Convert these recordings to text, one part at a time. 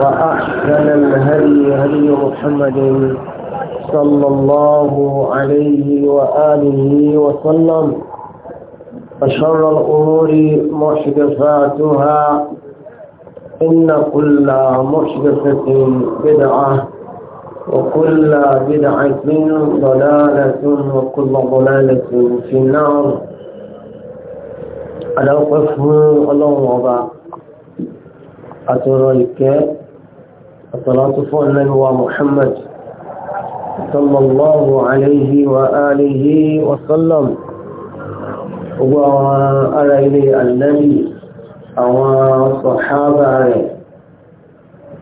وأحسن الهدي هدي محمد صلى الله عليه وآله وسلم وشر الأمور محدثاتها إن كل محدثة بدعة وكل بدعة ضلالة وكل ضلالة في النار ألا قفه الله وضع أترى الكتاب الصلاة فعلا ومحمد صلى الله عليه وآله وسلم وعلى إلي النبي وصحابة عليه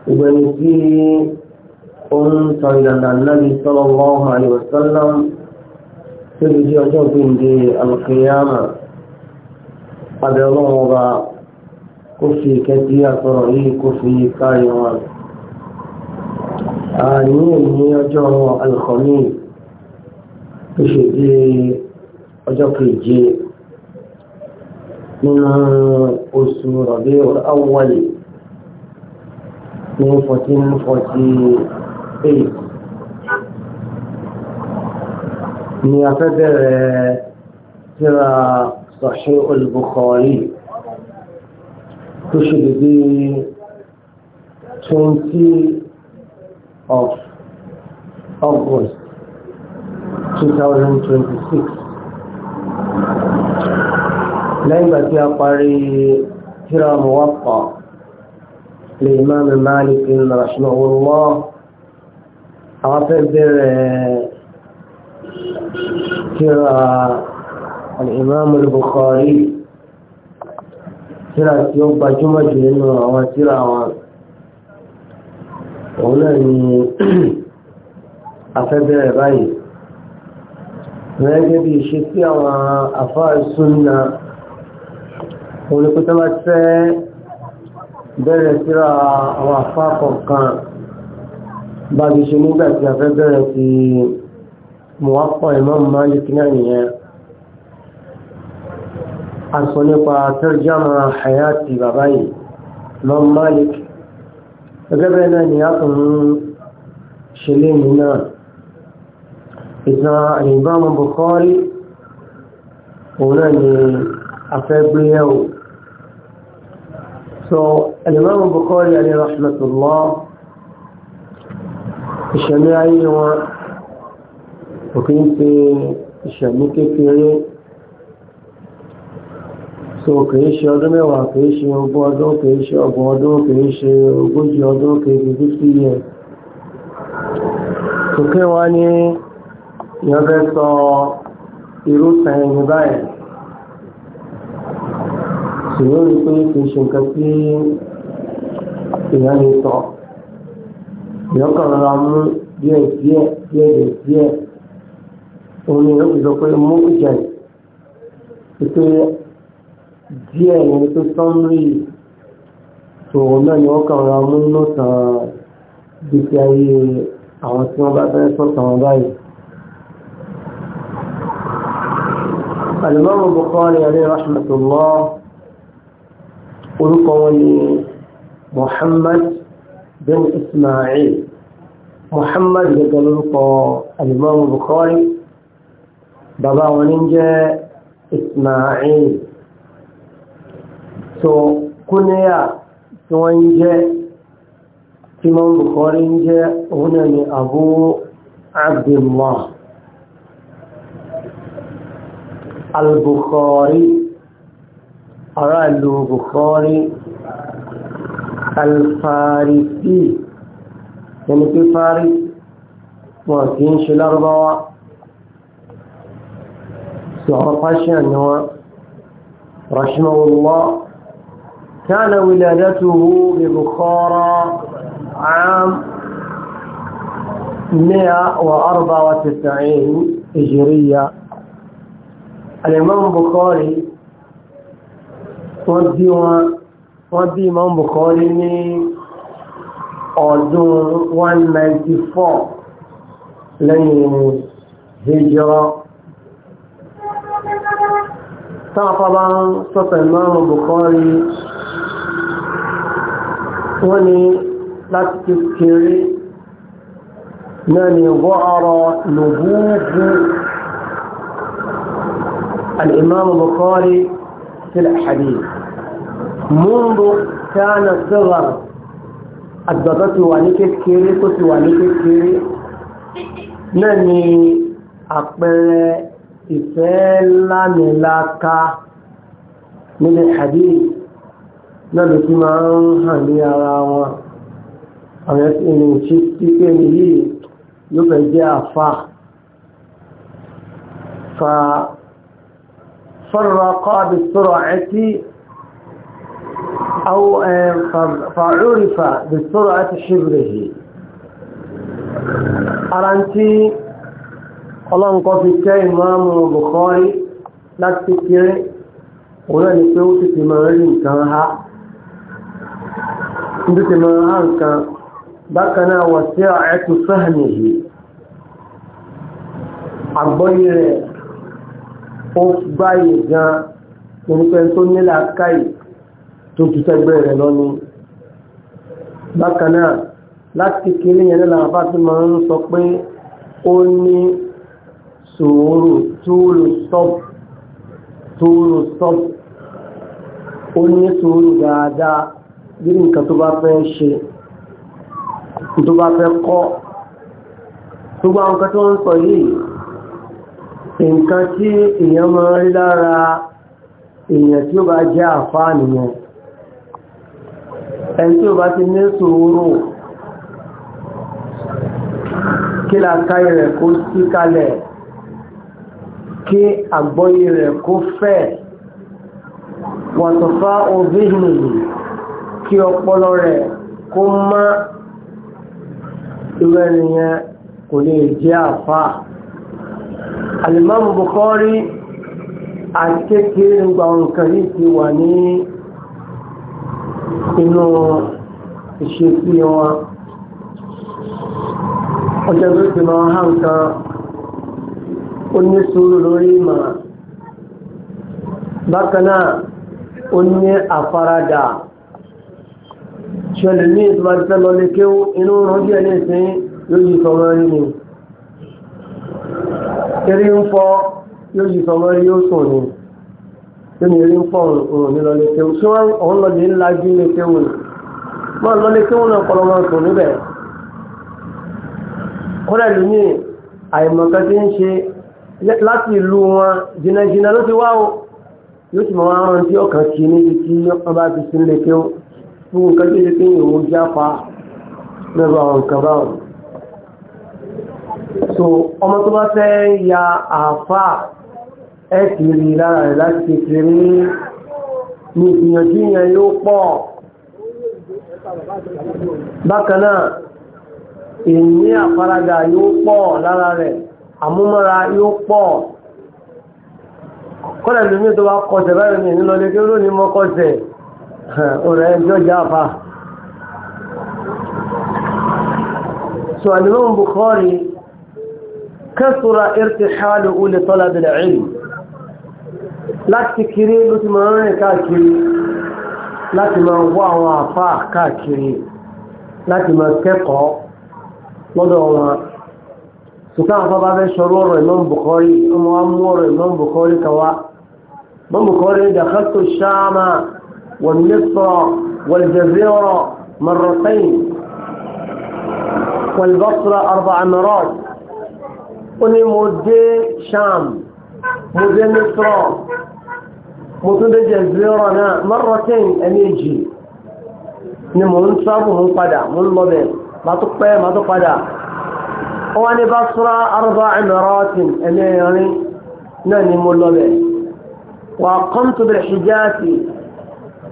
وبنتي أم صلى النبي صلى الله عليه وسلم في أجوب القيامة قد الله kó fi ìkẹ́ tí a ní ní ọjọ́ alùkọ́mí tó ṣe bí ọjọ́ keje nínú oṣù rọ̀bí awọ́lì ní 1448 ni a fẹ́ bẹ̀rẹ̀ síra Sahih al tó ṣe bí 20 of August 2026. lẹ́yìn ìgbà tí a parí tíra Muwatta lè Imam Malik rahimahullah àwọn fẹ́ bẹ̀rẹ̀ tíra al-Imam al-Bukhari tíra tí ó gbajúmọ̀ jù nínú àwọn tíra wọn òun náà ni afẹ́bẹ̀rẹ̀ báyìí gẹ́gẹ́ bí ṣe sí àwọn afáàsúnna olùkútọ́ bá tẹ́ bẹ̀rẹ̀ síra àwọn afáàkọ̀ọ̀kan bá bí ṣe nígbà tí afẹ́bẹ̀rẹ̀ ti mọ̀wápọ̀ Imam Malik náà nìyẹn a sọ nípa gẹ́gẹ́ bẹ́ẹ̀ náà ni a tún ṣe léyìn náà ìtàn àyìnbámu Bukhari òun náà ni afẹ́gbéyẹ̀wò so alimamu Bukhari alayhi so kìí ṣe ọdún mẹ́wàá kìí ṣe ogún ọdún kìí ṣe ọgbọ̀n ọdún kìí ṣe ogójì ọdún kìí ṣe fifty years sókè wá ní ìyọ́bẹ́ sọ irúfẹ́ ẹni báyìí ṣùgbọ́n rí pé kìí ṣe nǹkan tí èèyàn lè sọ èèyàn kàn rọra mú díẹ̀ díẹ̀ díẹ̀ díẹ̀ òun ni yóò fi sọ pé mú ìjẹ̀lẹ̀ pé díẹ̀ yẹn tó sọ́nrí tòun náà ni wọ́n kàn ra mú lọ́sàn gbèsè ayé àwọn tí wọ́n bá fẹ́ sọ̀tàn wọn báyìí. Al-Imam Bukhari alayhi rahmatullah orúkọ wọn ni Muhammad bin Ismail Muhammad gẹ́gẹ́ lórúkọ Al-Imam Bukhari bàbá wọn ní jẹ́ Ismail so kúnníyà tí wọ́n ń jẹ́ tí wọ́n Bukhari ń jẹ́ òun náà ni Abu Abdullah al-Bukhari ará ìlú Bukhari al ẹni pé fari wọn kì í ṣe lárúbáwá sọ̀rọ̀ fashion ni wọn رحمه الله كان ولادته ببخارى عام 194 هجرية الإمام بخاري ودي ودي إمام بخاري ọdún 194 lẹ́yìn hijira táwọn fọ́bá الإمام بخاري wọ́n ní láti kékeré náà ni wọ́ọ̀rọ̀ nùbúùbù الإمام البخاري في الحديث منذ كان صغر àgbàbá ti wà ní kékeré kó ti wà ní kékeré náà ni àpẹẹrẹ ìfẹ́ lámìláka nílẹ̀ hadith náà ló fi máa ń hàn ní ara wọn àwọn ènìyàn tí pípé ní yìí yóò fẹ́ jẹ́ àfà fa فرق بالسرعة أو فعرف بالسرعة شبره أرانتي ọlọ́run kan fi kẹ́ ìmáàmù Bukhari láti kéré òun náà pé ó ti fi máa rí nǹkan ha níbi tí mọ́ á nǹkan bákanáà wọ̀ sí ẹ̀tù fẹ́hẹ̀mì yìí àgbọ́yé rẹ̀ ó gbáyé gan nípa tó nílà káì tó ti tẹ́gbẹ́ rẹ̀ lọ ni bákanáà láti kéré yẹn ní làwọn ti máa ń sọ pé ó ní sùúrù túlù sọ́ọ̀bù túlù sọ́ọ̀bù ó ní sùúrù nínú nǹkan tó bá fẹ́ ṣe tó bá fẹ́ kọ́ gbogbo àwọn nǹkan tó ń sọ yìí nǹkan tí èèyàn máa rí lára èèyàn tí ó bá jẹ́ àfáà nìyẹn ẹni tí ó bá ti ní sòwúrò kí làákàyè rẹ̀ kó sí kalẹ̀ kí àgbọ́yé rẹ̀ kó fẹ̀ wàtọ̀fá obìnrin kí ọpọlọ rẹ̀ kó má irú ẹnìyẹn kò lè jẹ́ àfà alimami Bukhari akékeré gba nǹkan ti wà ní inú ìṣesí wọn ọjọ́ tó ti máa hàn kan ó ní sùúrù lórí ìmọ̀ ṣẹlẹ̀ ní ìtura ti fẹ́ lọ lé kéwú inú rán díẹ̀ ní ìsìn yóò yí sọmọ rí ni eré ń fọ́ yóò yí sọmọ rí yóò sùn ni tó ní eré ń fọ́ òun ní lọ lé kéwú tí wọ́n òun lọ lè ń lajú lé kéwú ni máa lọ lé kéwú náà kọ́ lọ́mọ sùn níbẹ̀ kọ́lẹ̀ lómi àìmọ̀kan ti ń ṣe láti ìlú wọn jìnnàjìnnà ló ti wá o yóò sì máa rántí gbogbo nǹkan tó ṣe pé òun jápa lẹ́rọ àwọn nǹkan báwọn so ọmọ tó bá fẹ́ ya àfà ẹ̀ kì í rí lára rẹ̀ láti kékeré ní ìgbìyànjú yẹn yóò pọ̀ bákan náà ìní àfaradà yóò pọ̀ lára rẹ̀ àmúmọ́ra yóò pọ̀ kọ́lẹ̀ lómi tó bá kọsẹ̀ báyìí nílọ́lẹ́gbẹ̀rún ní mọ́kọsẹ̀ ọ̀rẹ́ ẹjọ́ jáfa so alimọ́n Bukhari kẹsùra irtihalu ulẹ̀ tọ́lá bẹ̀rẹ̀ ilm láti kiri ló ti máa rìn káàkiri láti máa wá àwọn àfá káàkiri láti máa kẹ́kọ̀ọ́ lọ́dọ̀ wọn sùkán àfábá fẹ́ ṣọrọ ọ̀rọ̀ Imam Bukhari ọmọ wa mú ọ̀rọ̀ Imam Bukhari kàwá Imam Bukhari dakhaltu Shama ومصر والجزيرة مرتين والبصرة أربع مرات قلني مودي شام مودي مصر مودي الجزيرة مرتين أميجي نمونصر ومنقدع منضبط ما تقبل ما تقدع وأنا بصرة أربع مرات أميجي ناني مولوبي وقمت بالحجاج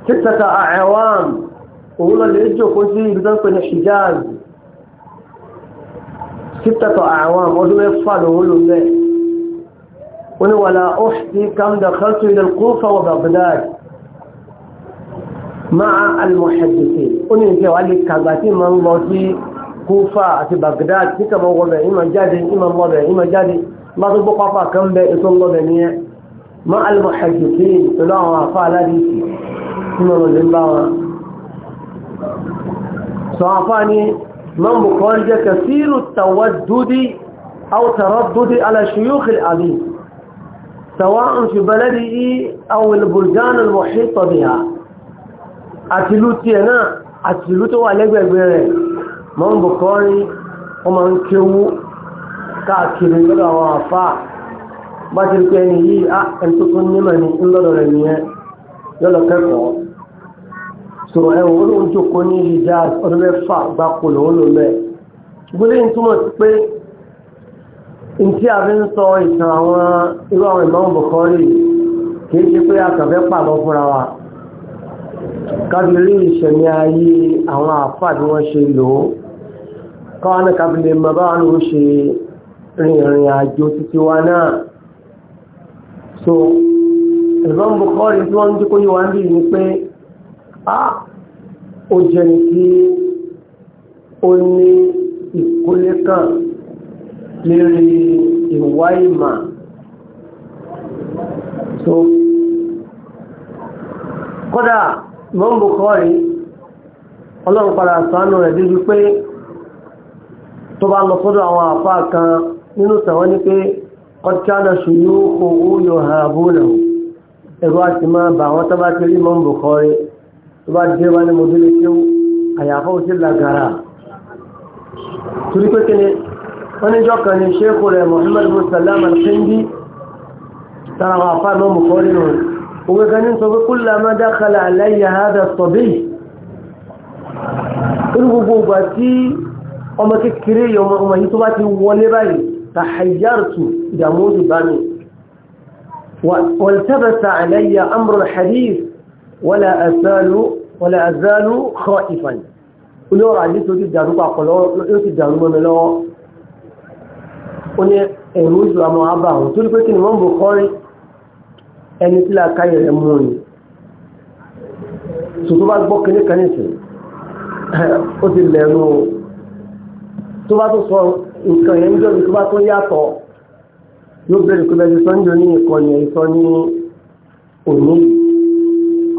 títàtà àwàm òun lọ lè jòkó sí ìdúdánpẹ̀ ní Hijaz títàtà àwàm ọdún mẹ́fà lòun lò mẹ́ wọ́n ni wàlá ọ́ṣì kàmdà kàtù ilẹ̀ kúfà wà Baghdad máa alìmọ̀ṣẹ̀dìsì ó ní ìfẹ́ wà lè kàgbà tí ma ń lọ sí kúfà àti Baghdad tí kàmọ́ wọ́bẹ̀ ìmọ̀ jáde ìmọ̀ mọ́bẹ̀ ìmọ̀ jáde bá tó gbọ́ pápá kan bẹ́ ètò ń lọ́bẹ̀ nìyẹn máa alìmọ̀ṣẹ̀dìsì pẹ̀lú àwọn àfáà aládìsì nínú ọmọdé ń bá wọn. sọ àfáàní mọ́n bùkọ́ jẹ́ kẹsìrù tàwà dúdí أو تردد على شيوخ الأبي سواء في بلده أو البلدان المحيطة بها àtìlú tí ẹ̀ náà àtìlú tó wà lẹ́gbẹ̀ẹ́gbẹ̀ rẹ̀ mọ́ ń bùkọ́rin wọ́n máa ń kéwú káàkiri lọ́dọ̀ àwọn àfáà bá ti rí pé ẹni yìí á yọ́lọ kẹ́kọ̀ọ́ so ẹ̀wọ̀n olóhun jókòó ní ìjà ọdún mẹ́fà gbáko lòun lò mẹ́ gbólé ń túmọ̀ sí pé n tí a fi ń sọ ìtàn àwọn irú àwọn ìmọ̀ bùkọ́rì kì í ṣe pé a kàn fẹ́ pàlọ́ fúnra wa kábílì ìṣẹ̀mí ayé àwọn àfà wọ́n ṣe lò ó káwọn náà kábílì mọ̀ ló ṣe rìnrìn àjò títí wa náà so ìrọ̀rùn bukọ́rì tí wọ́n ń jí kó yíwa ń bí ní pé a ó jẹni tí ó ní ìkólé kan lérí ìwá ìmà tó kódà ìrọ̀rùn bukọ́rì ọlọ́run padà sánú rẹ̀ débi pé tó bá lọ sọ́dọ̀ àwọn àfáà kan nínú tàwọn ní pé قد كان شيوخه يهابونه ẹ̀rọ àti máa bà wọ́n tó bá ti rí mọ́mù Bukhari tó bá dé wá ní mọ́bílì tí ó àyàfọ́ ó sì làgàrà torí pé kí ni wọ́n níjọ́ kan ní ṣéèkù rẹ̀ Muhammad musalam al-Kindi tara wà fà mọ́mù Bukhari nù òwe kan ní sọ pé kúlà má dákàlà aláyà hádà sọ̀bí irú gbogbo ìgbà tí ọmọ kékeré ọmọ yìí tó bá ti wọlé báyìí tàhàyàrùtù ìdààmú òdì bá mi والتبس علي أمر الحديث ولا أزال ولا أزال خائفا ونور عليه سوتي دارو باقلو يوتي دارو منلو وني ẹ̀rùjù àmọ́ àbáhùn tó lípé kí ni wọ́n bò kọ́rí ẹni tí làákàyè rẹ̀ mú ni tó tó bá gbọ́ kíní kan nìsín ó ti lẹ̀nu tó bá tó sọ nǹkan yẹn ń jọ́ tó bá tó yàtọ̀ yóò bẹ̀rẹ̀ pé bẹ́ẹ̀ sọ́njọ́ ní ìkọni ẹ̀sọ́ ní òní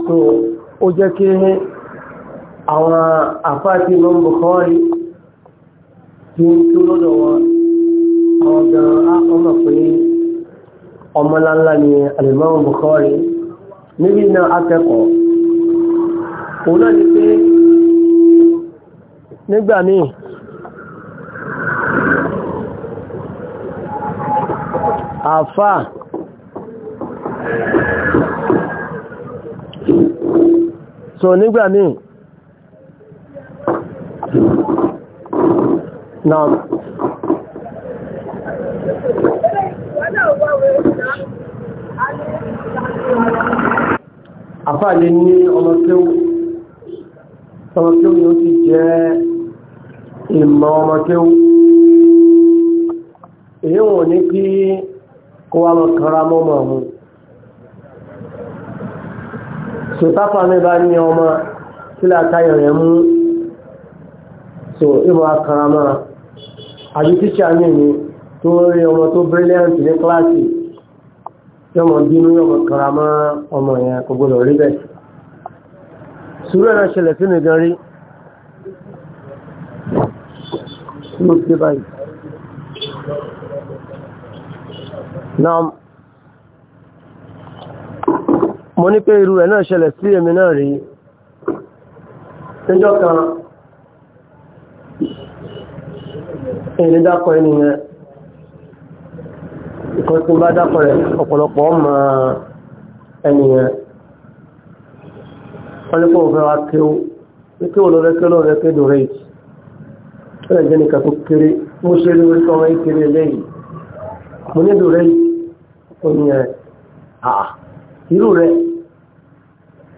tó ó jẹ́ kí àwọn àfáàtì Imam Bukhari tí ń tó lọ́dọ̀ wọn àwọn gan-an ọmọláńlá ni Imam Bukhari níbi náà akẹ́kọ̀ọ́ òun náà ni àfà so nígbà míì na àfà lè ní ọmọ kéwú ọmọ kéwú yóò ti jẹ́ ìmọ̀ ọmọ kéwú èyí wọ̀n ní kí kó wá lọ kanra mọ́mọ́ ọ̀hún sòtáfà mi bá ní ọmọ tí látàyọ̀ rẹ̀ mú so ìmọ̀ akàrà máa àbí tíṣà ní ìní tó rí ọmọ tó brilliant ní kíláàsì yọmọ bínú yọmọ kàrà máa ọmọ yẹn kò gbọdọ̀ rí bẹ́ẹ̀ sùúrù ẹ̀rọ ṣẹlẹ̀ sínú ìgan rí báyìí Nam mo ní pé irú rẹ̀ náà ṣẹlẹ̀ sí èmi náà rí níjọ́ kan èyí dákọ̀ ènìyàn ìkan tí bá dákọ̀ rẹ̀ ọ̀pọ̀lọpọ̀ ọmọ ènìyàn wọ́n ní kó o fẹ́ wá kéwú ní kí o lọ rẹ́kẹ́ lọ rẹ́kẹ́ dòrè yìí jẹ́ nìkan tó kéré mo ṣe rí orí ọmọ oyin rẹ̀ àà irú rẹ̀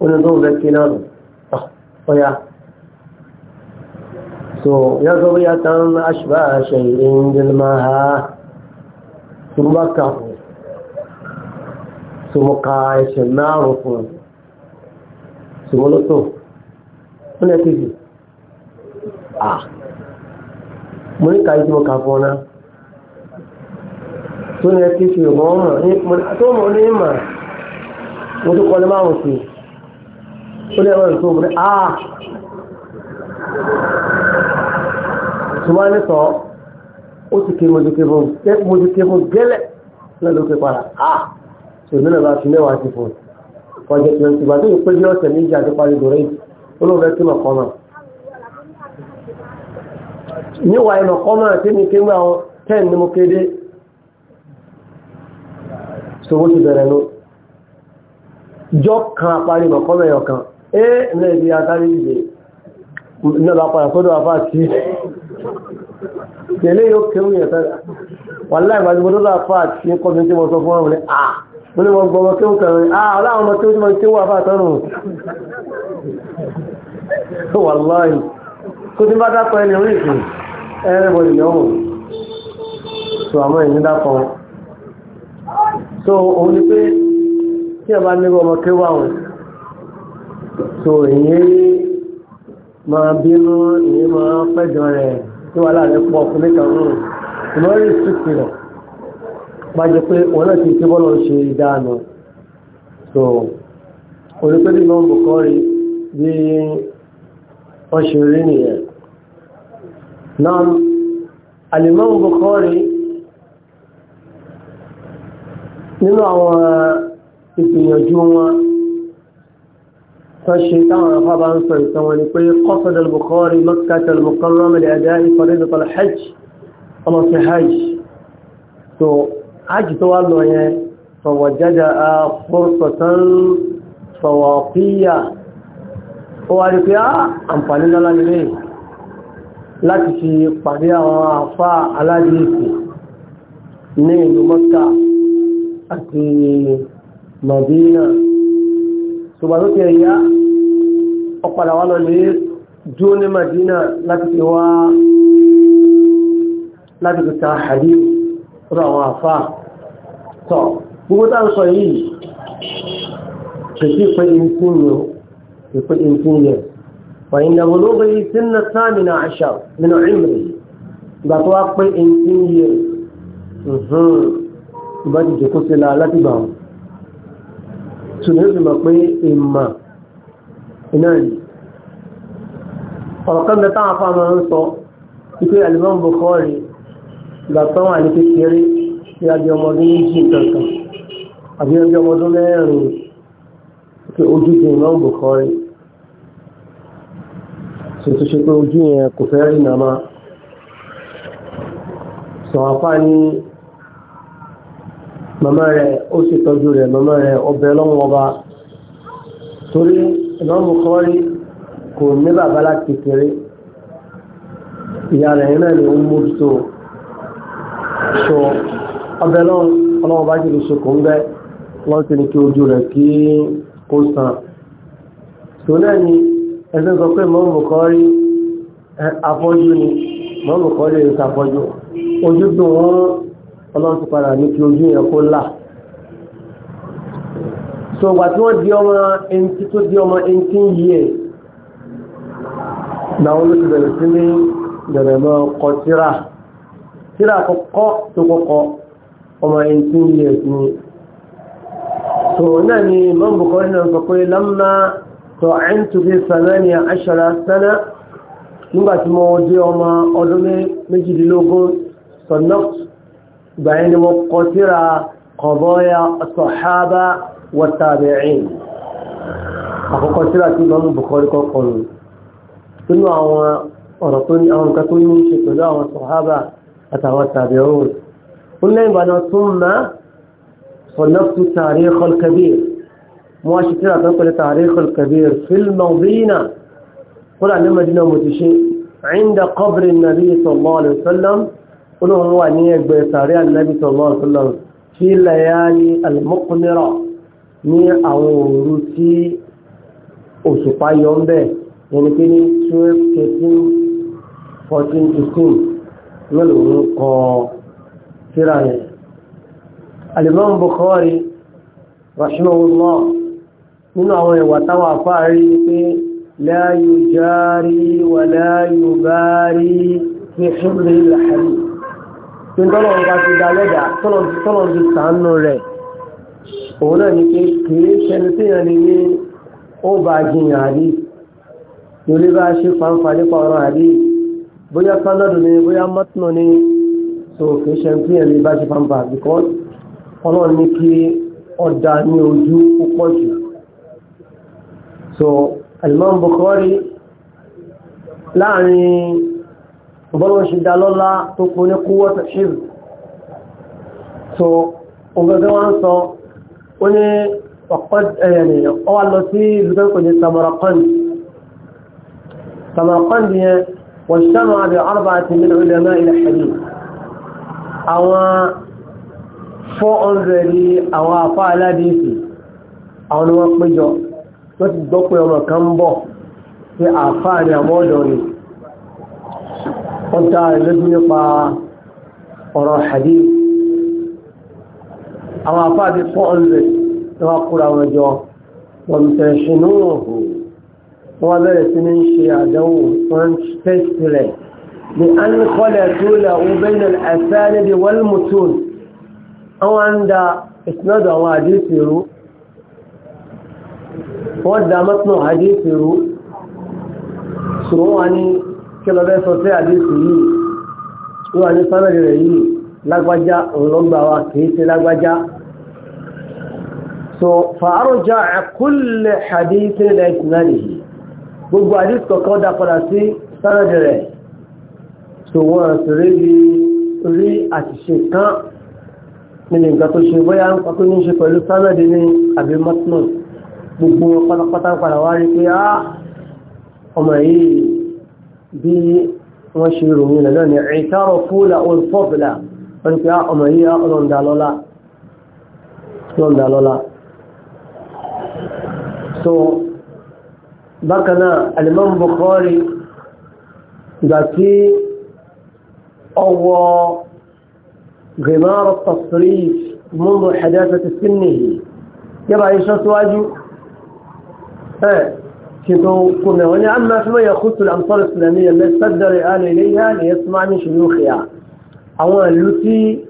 oyin tó ń fẹ́ kí náà nù ọ̀yà so yàtọ̀ bí yàtọ̀ ń aṣùgbà àṣẹ ìrìnjẹlẹmà ha turba kàfù so mo ka ẹsẹ̀ márùn fún so mo lọ́tọ̀ fún ẹ̀kejì à mo ní ka ìdí mo kà fún ọ náà tó yẹ kí fi ọmọ ọmọ tó mọ ní mà mo tó kọ́ ní máa wọ̀ sí ó lè wọ́n tó mọ̀ á ṣùgbọ́n ní sọ ó ti ké mojú ké fún mojú ké fún gẹ́lẹ́ náà ló ké padà á ṣùgbọ́n náà bá fi mẹ́wàá ti fún ọjọ́ twenty one tó yẹ pé ọ̀sẹ̀ méjì àti parí dòrè olóòfẹ́ tó mọ̀ kọ́ náà níwà ẹnà kọ́ náà tí ní kéwà ọ 10 ní mo kéde so bó ti bẹ̀rẹ̀ ló jọ kan àparí mọ̀kọ́mẹ̀ ọ̀kan ẹ́ ilẹ̀ ibi atárí ìdè náà bá padà sódò àfá àti tẹ̀lé yóò kéwù yẹn tẹ́lẹ̀ wà láì bá gbogbo tó àfá àti kọ́ mi tí mo sọ fún ọ̀run ní à mo ní mo gbọ́ ọmọ kéwù kan ní à ọláwọn ọmọ kéwù tí mo kéwù àfá àtọ́rùn wàláì tó ti bá so àmọ́ ìní dápọ̀ so òun ni pé tí a bá nígbà ọmọ kéwà wọn so ìyẹn máa bínú ìyẹn máa pẹ́jọ rẹ̀ tí wà láàrin pọ̀ fún mi kan rùn ìmọ̀ rí sùkì rẹ̀ bá jẹ pé òun náà ti ké bọ́lọ̀ ṣe ìdáná so òun ni pé bí wọ́n bùkọ́ rí bí wọ́n ṣe rí nìyẹn náà Al-Imam Bukhari nínú àwọn ìgbìyànjú wọn فالشيء تعالى طبعا سيتوني قصد البخاري مكة المكرمة لأداء فريضة الحج الله في حج تو حج توالو فوجد فرصة فواقية wọ́n pé àǹfàní lọ́lá nílé láti fi pàdé àwọn àfá aládìíkì ní ìlú mọ́ta àti Madina. ṣùgbọ́n tó kẹrì yá ọ̀padà wá lọ lè jó ní Mọ̀dínà láti fi wá láti fi ta àrí rọ àwọn àfá tọ̀ gbogbo tá ń sọ yìí kò sí pé ìpín yìí ìpín ìpín yìí فإن بلوغه سن bá ti jòkó sí la láti gbà wọn ṣùgbọ́n ó sì mọ̀ pé ìmà iná yìí ọ̀rọ̀ kan bẹ táwọn afá máa ń sọ wípé àlùmọ́ Bukhari ìgbà tó wà ní kékeré tí a di ọmọ ọdún méjì kankan àbí ọjọ́ ọmọ ọdún mẹ́rin pé ojú ti ìmọ̀ Bukhari ṣètò ṣe pé ojú yẹn kò fẹ́ rí nàmá sọ̀rọ̀ afá ní màmá rẹ̀ ó sì tọ́jú rẹ̀ màmá rẹ̀ ọbẹ̀ lọ́wọ́ ọba torí ìmọ̀mù kan rí kò ní bàbá láti kékeré ìyá rẹ̀ náà ni ó ń mójútó so ọbẹ̀ lọ́wọ́ ọlọ́wọ́ bá jìrì ṣe kò ń bẹ́ wọ́n ti ní kí ojú rẹ̀ kí kó sàn tó náà ni ẹgbẹ́ sọ pé mọ́mù kan afọ́jú ni mọ́mù kan rí ìsàfọ́jú ojú dùn wọ́n ọlọ́run ti padà ní kí ojú yẹn kó là so ìgbà tí wọ́n di ọmọ ẹntì tó di ọmọ ẹntì yìí làwọn ló ti bẹ̀rẹ̀ sí ní bẹ̀rẹ̀ mọ́ kọ tíra tíra kọ́kọ́ tó kọ́kọ́ ọmọ ẹntì yìí ni so náà ni mọ́n bùkọ́ nínú sọ pé lọ́mọ tó ẹn fi sàmẹ́ni àṣàrà sẹ́nà nígbà tí mo di ọmọ ọdún méjìdínlógún sọ̀nọ́tù ìgbà yẹn ni wọ́n kọ síra qadaya as-sahaba wat-tabi'in àkọ́kọ́ síra tí lọ́nà Bukhari kọ́kọ́ nù nínú àwọn ọ̀rọ̀ tó ní àwọn nǹkan tó ní ṣe pẹ̀lú àwọn sahaba àtàwọn tabi'in ó lẹ́yìn ìgbà náà tún mọ́ صنفت تاريخ الكبير مواشي ترى تنقل تاريخ الكبير في الماضينا قل عن المدينة متشين عند قبر النبي صلى الله عليه وسلم olóhùn wà ní ẹgbẹ́ sàárẹ́ ànábì sallallahu alaihi wasallam fi layali al-muqnira ní àwọn òru tí òṣùpá yọ ń bẹ̀ ẹni pé ní twelve thirteen fourteen fifteen mélòó ń kọ síra yẹn. alimami Bukhari rahimahullah nínú àwọn ìwà táwọn afáàrí ni pé la yujari wa la yubari fi hibri al tí ń tọ́lọ̀ ọba ti dá lẹ́dà tọ́lọ̀ ti sàánú rẹ̀ òun náà ni pé kìí ṣẹni tí yẹn ni ní ó bá jiyàn àrí lórí bá ṣe fanfa nípa ọ̀rọ̀ àrí bóyá sánádù ni bóyá mọ́tínà ni so kìí ṣẹni tí yẹn ni bá ṣe fanfa because ọlọ́run ní kí ọ̀dà ní ojú púpọ̀ jù so Al-Imam Bukhari láàrin bọ́lọ̀ ṣe dá lọ́lá tó kún ní kúwọ́tọ̀ ṣíbù so ogbẹ́gbẹ́ wọ́n sọ ó ní ọwà lọ sí lùgbẹ́kùn ní Samarkand Samarkand yẹn wọ́n ṣánà àbẹ̀ arba àti mílẹ̀ ilẹ̀ náà ilẹ̀ ṣẹ̀lì àwọn 400 àwọn afá aládìsì àwọn ni wọ́n péjọ wọ́n ti gbọ́ pé ọmọ kan bọ̀ pé àfáà ni àmọ́ ọ̀dọ̀ ni ó dá ìlójú nípa ọ̀rọ̀ hadith àwọn àfáàdì 400 ni wọ́n kúra wọn jọ wọ́n tẹ̀lé ṣinú òhùn wọ́n bẹ̀rẹ̀ sí ní ṣe àdánwò wọ́n tẹ́sì rẹ̀ ni a ń da mọ́tún àdíṣì rú ṣùgbọ́n wọ́n ni kí sọ sí àdéhùn yìí ó wà ní sámẹ́lì rẹ̀ yìí lágbájá òun ló kìí ṣe lágbájá so fàárọ̀já àkúlẹ̀ hadith ilẹ̀ ìtìláàdì yìí gbogbo hadith kọ̀kọ́ dá sí sámẹ́lì gbogbo pátápátá padà wá rí pé á ah, ọmọ yìí bí wọ́n ṣe ròyìn lọ ní ìtàrọ̀ fúlà olùfọ́bìlà wọ́n ni pé ah, ọmọ yìí ah, ọlọ́ndàlọ́lá so bákanáà alimam Bukhari ìgbà tí ọwọ́ غمار التصريف منذ حداثة سنه يبقى يشرط واجب كتو كنا هنا أما فيما يخص الأمصار الإسلامية اللي صدر الآن إليها ليسمع من شيوخها أولا لوتي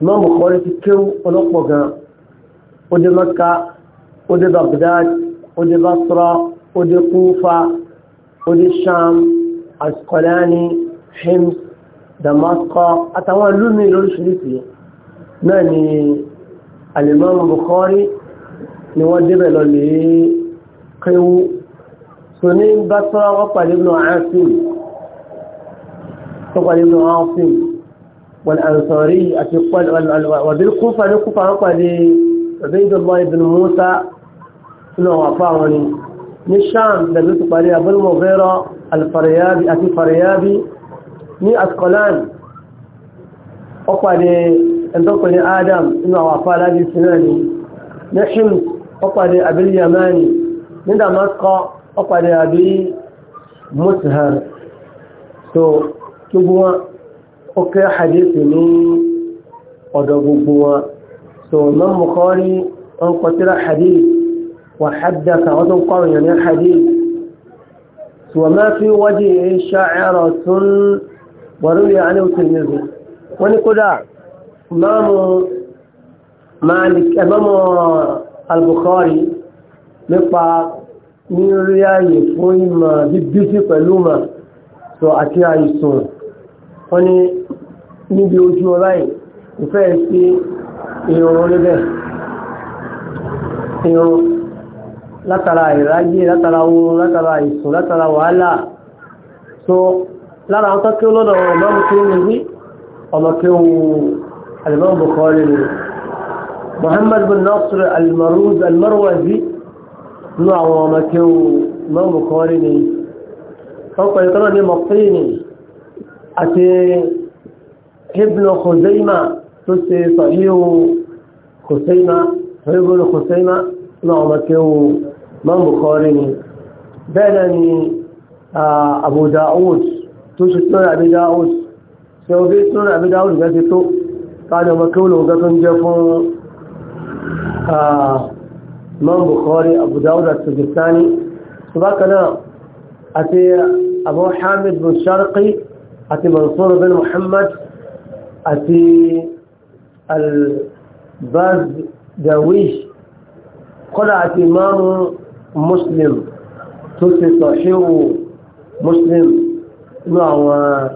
ما مخالف كو ونقبقا ودي مكة ودي بغداد ودي بصرة ودي كوفة ودي الشام عسقلاني حمص دمشق أتوان لومي لولش ليتي ناني الإمام البخاري نوجب له لي قيو tòní bá tọ́ra wọ́n pàdé nù ánsìn tó pàdé nù ánsìn wọ́n ànsọ̀rí àti wàbí kúfà ní kúfà wọ́n pàdé wàbí ìjọba ibn Musa nínú àwọn afọ àwọn ni ní sham lẹ́bí tó pàdé Abul Mughira al-Faryabi àti Faryabi ní Asqalan ó pàdé ẹ̀dọ́kọ̀ ní Adam nínú àwọn afọ aláàbí ní Hims ó pàdé Abil ní Damascus ọpàdé àbí mọ́sàn so gbogbo wọn ó kẹ́ hadith ní ọ̀dọ̀ gbogbo wọn so Imam Bukhari wọn kọ tírà hadith wà haddatha wọn tó kọ́ ìyàn ní hadith so wọ́n máa fi wájú ṣáàrọ̀ tún wàrúwẹ̀ àníwò Tirmidhi wọ́n ní kódà Imam Malik Imam ní orí ààyè fún ìmọ̀ bíbísí pẹ̀lú mà sọ àti àìsàn wọ́n ní níbi ojú ọlá yìí ìfẹ́ sí irun orílẹ̀ irun látara ìráyé látara oorun látara àìsàn látara wàhálà so lára àwọn tọ́kí lọ́dọ̀ ọmọ tí ó ní ọmọ kí ó alimọ́ Bukhari ni Muhammad bin Nasir al-Marwazi nínú àwọn ọmọ tí ó mọ́mù kan rí ni ọkọ̀ ìkọ́nà ní mọ̀kíní àti ibn Khuzaima tó ṣe sọ̀híhù Khuzaima ibn Khuzaima nínú ọmọ tí ó mọ́mù kan rí ni bẹ́ẹ̀ náà ni Abu Dawud tó ṣe tó Abi Dawud ṣe obí tó imam bukhari abu dawud at-tajistani subakana àti abu hamid bin sharqi àti mansur bin muhammad àti al-baz dawish kọ́lá àti imam muslim tó ti sahihu muslim inú àwọn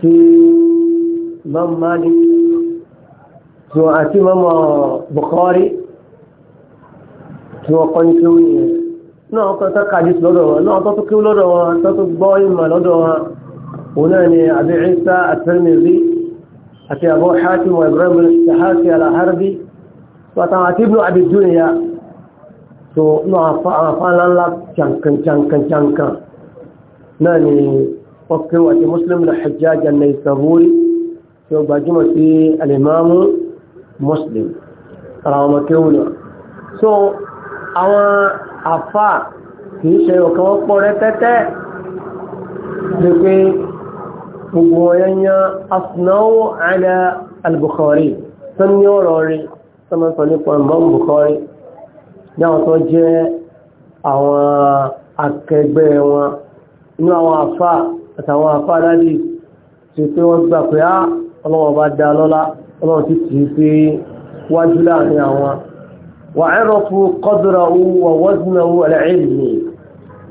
tí imam malik so imam bukhari tí wọ́n kọ́ ní kí ó yẹ náà kọ́ tó kàdí lọ́dọ̀ wọn náà tó tó kí ó lọ́dọ̀ wọn tó tó gbọ́ ìmọ̀ lọ́dọ̀ wọn òun náà ni àbí Isa at-Tirmidhi àti Abu Hatim wa Ibrahim al-Sahaki al-Harbi wàtàwọn àti Ibn Abi Dunya tó náà àwọn afáńlá ńlá náà ni wọ́n kí wọ́n ti Muslim al-Hajjaj so àwọn àfà kìí ṣe ọ̀kan wọ́n pọ̀ rẹpẹtẹ lè pé gbogbo ọ̀yẹ́yàn asnáwó ala al-Bukhari tó ní ọ̀rọ̀ rí sọmọ́sọ nípa Imam Bukhari dáwọn tó jẹ́ àwọn akẹgbẹ́ wọn inú àwọn àfà àtàwọn àfà aládì tí pé wọ́n gbà pé á ah, ọlọ́wọ́ bá dá lọ́lá ọlọ́wọ́ ti tì í wájú láàrin àwọn وعرفوا قدره ووزنه العلمي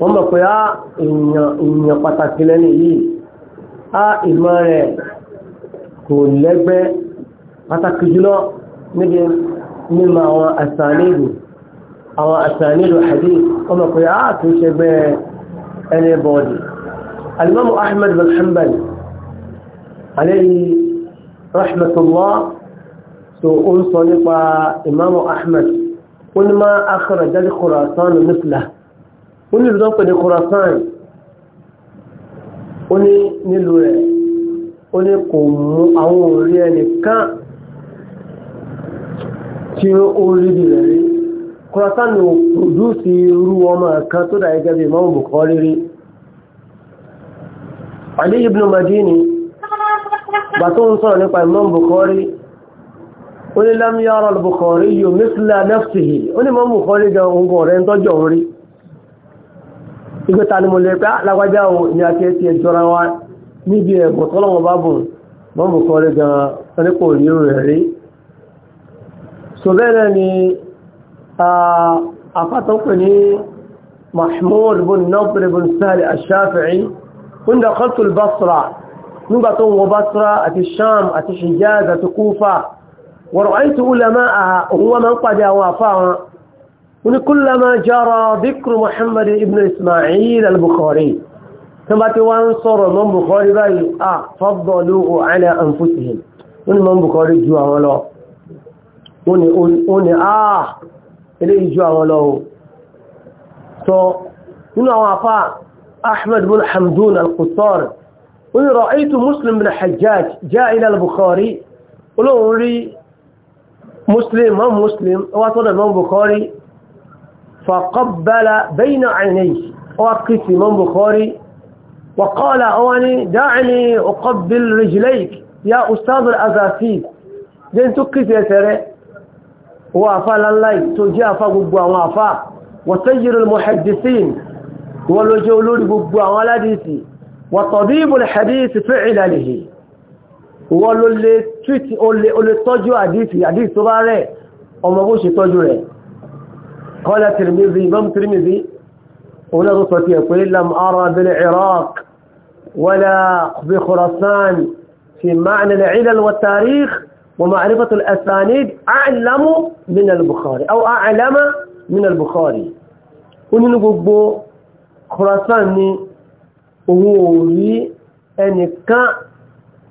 wọ́n mọ̀ pé á èèyàn pàtàkì lẹ́ni yìí á ìmọ̀ rẹ̀ kò lẹ́gbẹ́ pàtàkì jùlọ níbi mímọ̀ àwọn àsànílù àwọn àsànílù hadith wọ́n mọ̀ pé á kìí ṣe gbẹ́ ẹni bọ́ọ̀dì alimamu ahmed bin hanbal alayhi rahmatullah so ó ń sọ nípa imamu ahmed ó ní máa akọrọ jáde Khurasan nípìlá ó ní ìlú pẹ̀lú Khurasan ó ní nílùú rẹ̀ ó ní kò mú àwọn òrí ẹnìkan tí ó rí bí rẹ̀ rí Khurasan ò pòdúsì irú ọmọ kan tó dà gẹ́gẹ́ bí Imam Bukhari rí Ali ibn Madini gbà sọ̀rọ̀ nípa Imam Bukhari ó ní lam yara al-Bukhariyu mithla nafsihi ó ní mọ́mù kọ́rí gan ogun ọ̀rẹ́ ń tọ́jọ́ orí ìgbẹ́ta ni mo lè pẹ́ alágbájá ah, o ní akéèké jọra wa níbi ẹ̀bùn tọ́lọ́wọ́n bá bùn mọ́mù kọ́rí gan ẹni kò rí rẹ̀ rí so bẹ́ẹ̀ ni àfàtọ́pẹ̀ ní Mahmud bin Nadr bin Sahl al-Shafi'i kun Basra nígbà tó wọ Basra àti Sham àti Hijaz àti Kufa ورأيت علماءها هو من قد وافاها كلما جرى ذكر محمد بن إسماعيل البخاري كما تنصر من بخاري باي آه فضلوه على أنفسهم ون من بخاري جوا ولا ون ون آه إليه جوا ولا تو هنا وافا أحمد بن حمدون القصار ون رأيت مسلم بن حجاج جاء إلى البخاري ولو ري مسلم ما مسلم ó wá tọ́dọ̀ mọ́ bukhari faqabbala bayna aynayhi ó wá وقال أواني دعني أقبل رجليك يا أستاذ الأساسي جين يا يسري وافا لله تجي أفا قبوا وافا وسير المحدثين والجولود قبوا ولديسي وطبيب الحديث فعل له واللي treat o lè tọ́jú àdìsí àdìsí tó bá rẹ̀ ọmọ bó ṣe tọ́jú rẹ̀ kọ́lá Tirmidhi Imam Tirmidhi òun náà tó sọ ti ẹ̀ pé lam ara bil Iraq wala bi Khurasan fi ma'na al-ilal wa tarikh ومعرفة الأسانيد أعلم من البخاري أو أعلم من البخاري ونحن gbogbo Khurasan ni owó orí ẹnìkan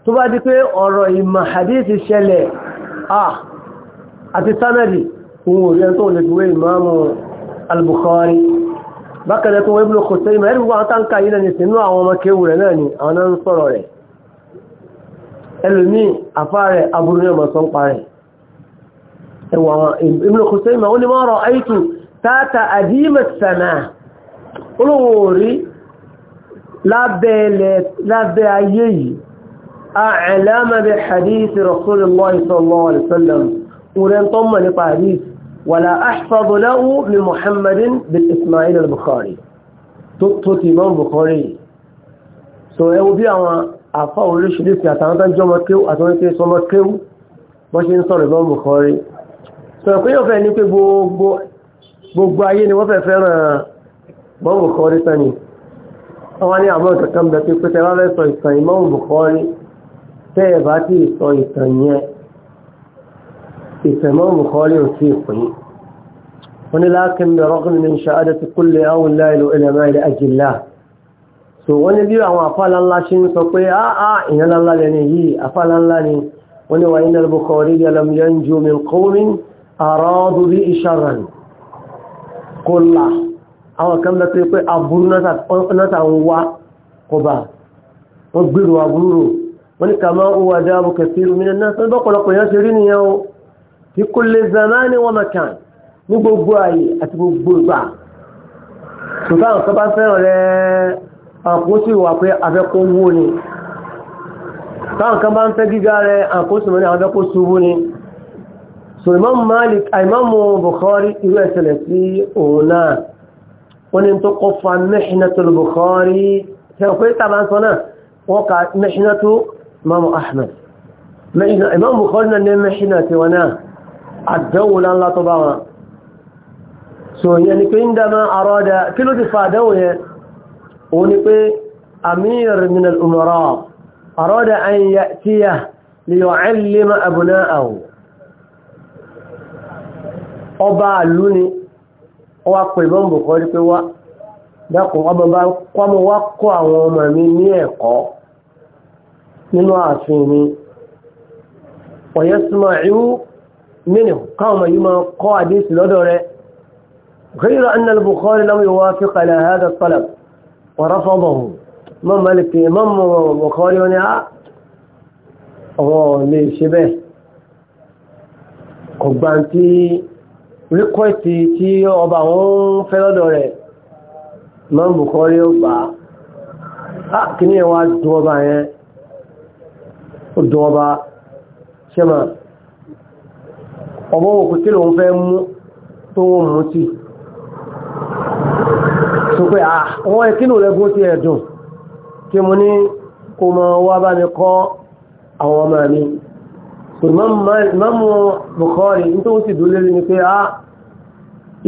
tó bá di pé ọ̀rọ̀ ìmọ̀ hadith ṣẹlẹ̀ ah àti sanadi ohun òrìyàn tó lè gbé ìmọ̀mù al-Bukhari bákanẹ̀ tó wọ́n Ibn Khuzaymah ẹ̀rù wọ́n tán ká ilẹ̀ nìsìn ní àwọn ọmọ kéwù rẹ̀ náà ni àwọn náà ń sọ̀rọ̀ rẹ̀ ẹlòmí àfá rẹ̀ aburú ní ọmọ أعلم بحديث رسول الله صلى الله عليه وسلم ولن طم لحديث ولا أحفظ له من محمد بالإسماعيل البخاري تطت إمام بخاري سوى يوبي أما أفا وليش ليس يتعنطى جمع كيو أتعنطى صمت كيو باش ينصر إمام بخاري سوى يقول يوفي أنك gbogbo ayé ni wọ́n fẹ́ fẹ́ràn Imam Bukhari tani wọ́n ní àwọn ìkàkàn bẹ̀ pípẹ́ tẹ́wàá fẹ́ sọ ìtàn Imam Bukhari tẹ́ ẹ̀ bá tí ì sọ ìtàn yẹn ìtàn mọ́ Bukhari ò tí ì pín wọ́n ní lákìn bẹ̀rọ kan ní ṣáádà ti kúlẹ̀ àwọn láìlò ìlànà ilẹ̀ àjìlá so wọ́n ní bí àwọn afáàlá ńlá ṣe ń sọ pé áá ìyẹn ńlá lẹ́ni yìí afáàlá ńlá ni wọ́n ní wàyí náà Bukhari yalam gbèrò aburú wọ́n ní kàmá owó adáàbò kẹfìrú mi náà tó bọ́pọ̀lọpọ̀ yẹn ṣe rí nìyẹn o fi kó lè zamani wọn makan ní gbogbo ààyè àti gbogbo ìgbà ṣùgbọ́n àwọn sọ́ba fẹ́ràn rẹ àkóso ìwà pé afẹ́kọ́ wó ni táwọn kan bá ń fẹ́ gíga rẹ àkóso mọ́ ní àwọn afẹ́kọ́ ni so malik ah, imamu bukhari irú ẹ̀sẹ̀lẹ̀ sí òun náà wọ́n ní tó kọ́ fa mẹ́ṣinatu bukhari ṣe pé tàbá imamu ahmed imamu bukhari náà ní mẹ́ṣínà tiwọn náà àdánwò láńlá tó bá wọn so yẹn ni pé ń dámá àrọ́dá kí ló ti fa àdánwò yẹn o ni pé amir min al-umara àrọ́dá an yà tíyà lè yọ ẹlẹ́mà àbúná àwò ọba àlú ni ó wá pè bọ́m̀bù kọ́ rí pé wá dákùn ọba bá kọ́mọ wá kọ́ àwọn ọmọ mi ní ẹ̀kọ́ nínú ààfin ni ọ̀yẹ́sùmọ̀ ìrú nínú káwọn yìí máa kọ́ àdéhùn lọ́dọ̀ rẹ̀ غير أن البخاري لم يوافق على هذا الطلب ورفضه ما ملك إمام البخاري ونعا أوه لي شبه قبانتي ríkwẹ́tì tí ọba wọn ń fẹ́ lọ́dọ̀ rẹ̀ bùkọ́ rí ó gbà á ah, kí ní ẹwà dùn yẹn ọ̀dọ́ọba ṣẹ́mà ọmọ òkú tí lòun fẹ́ mú tó wọ́n mú tí tó pé àwọn ah, ẹ̀kínú rẹ̀gún ti ẹ̀dùn kí mo ní kó mọ wá bá mi kọ́ àwọn ọmọ mi mọ́mú Bukhari nítorí sì dúró lórí ni pé a ah,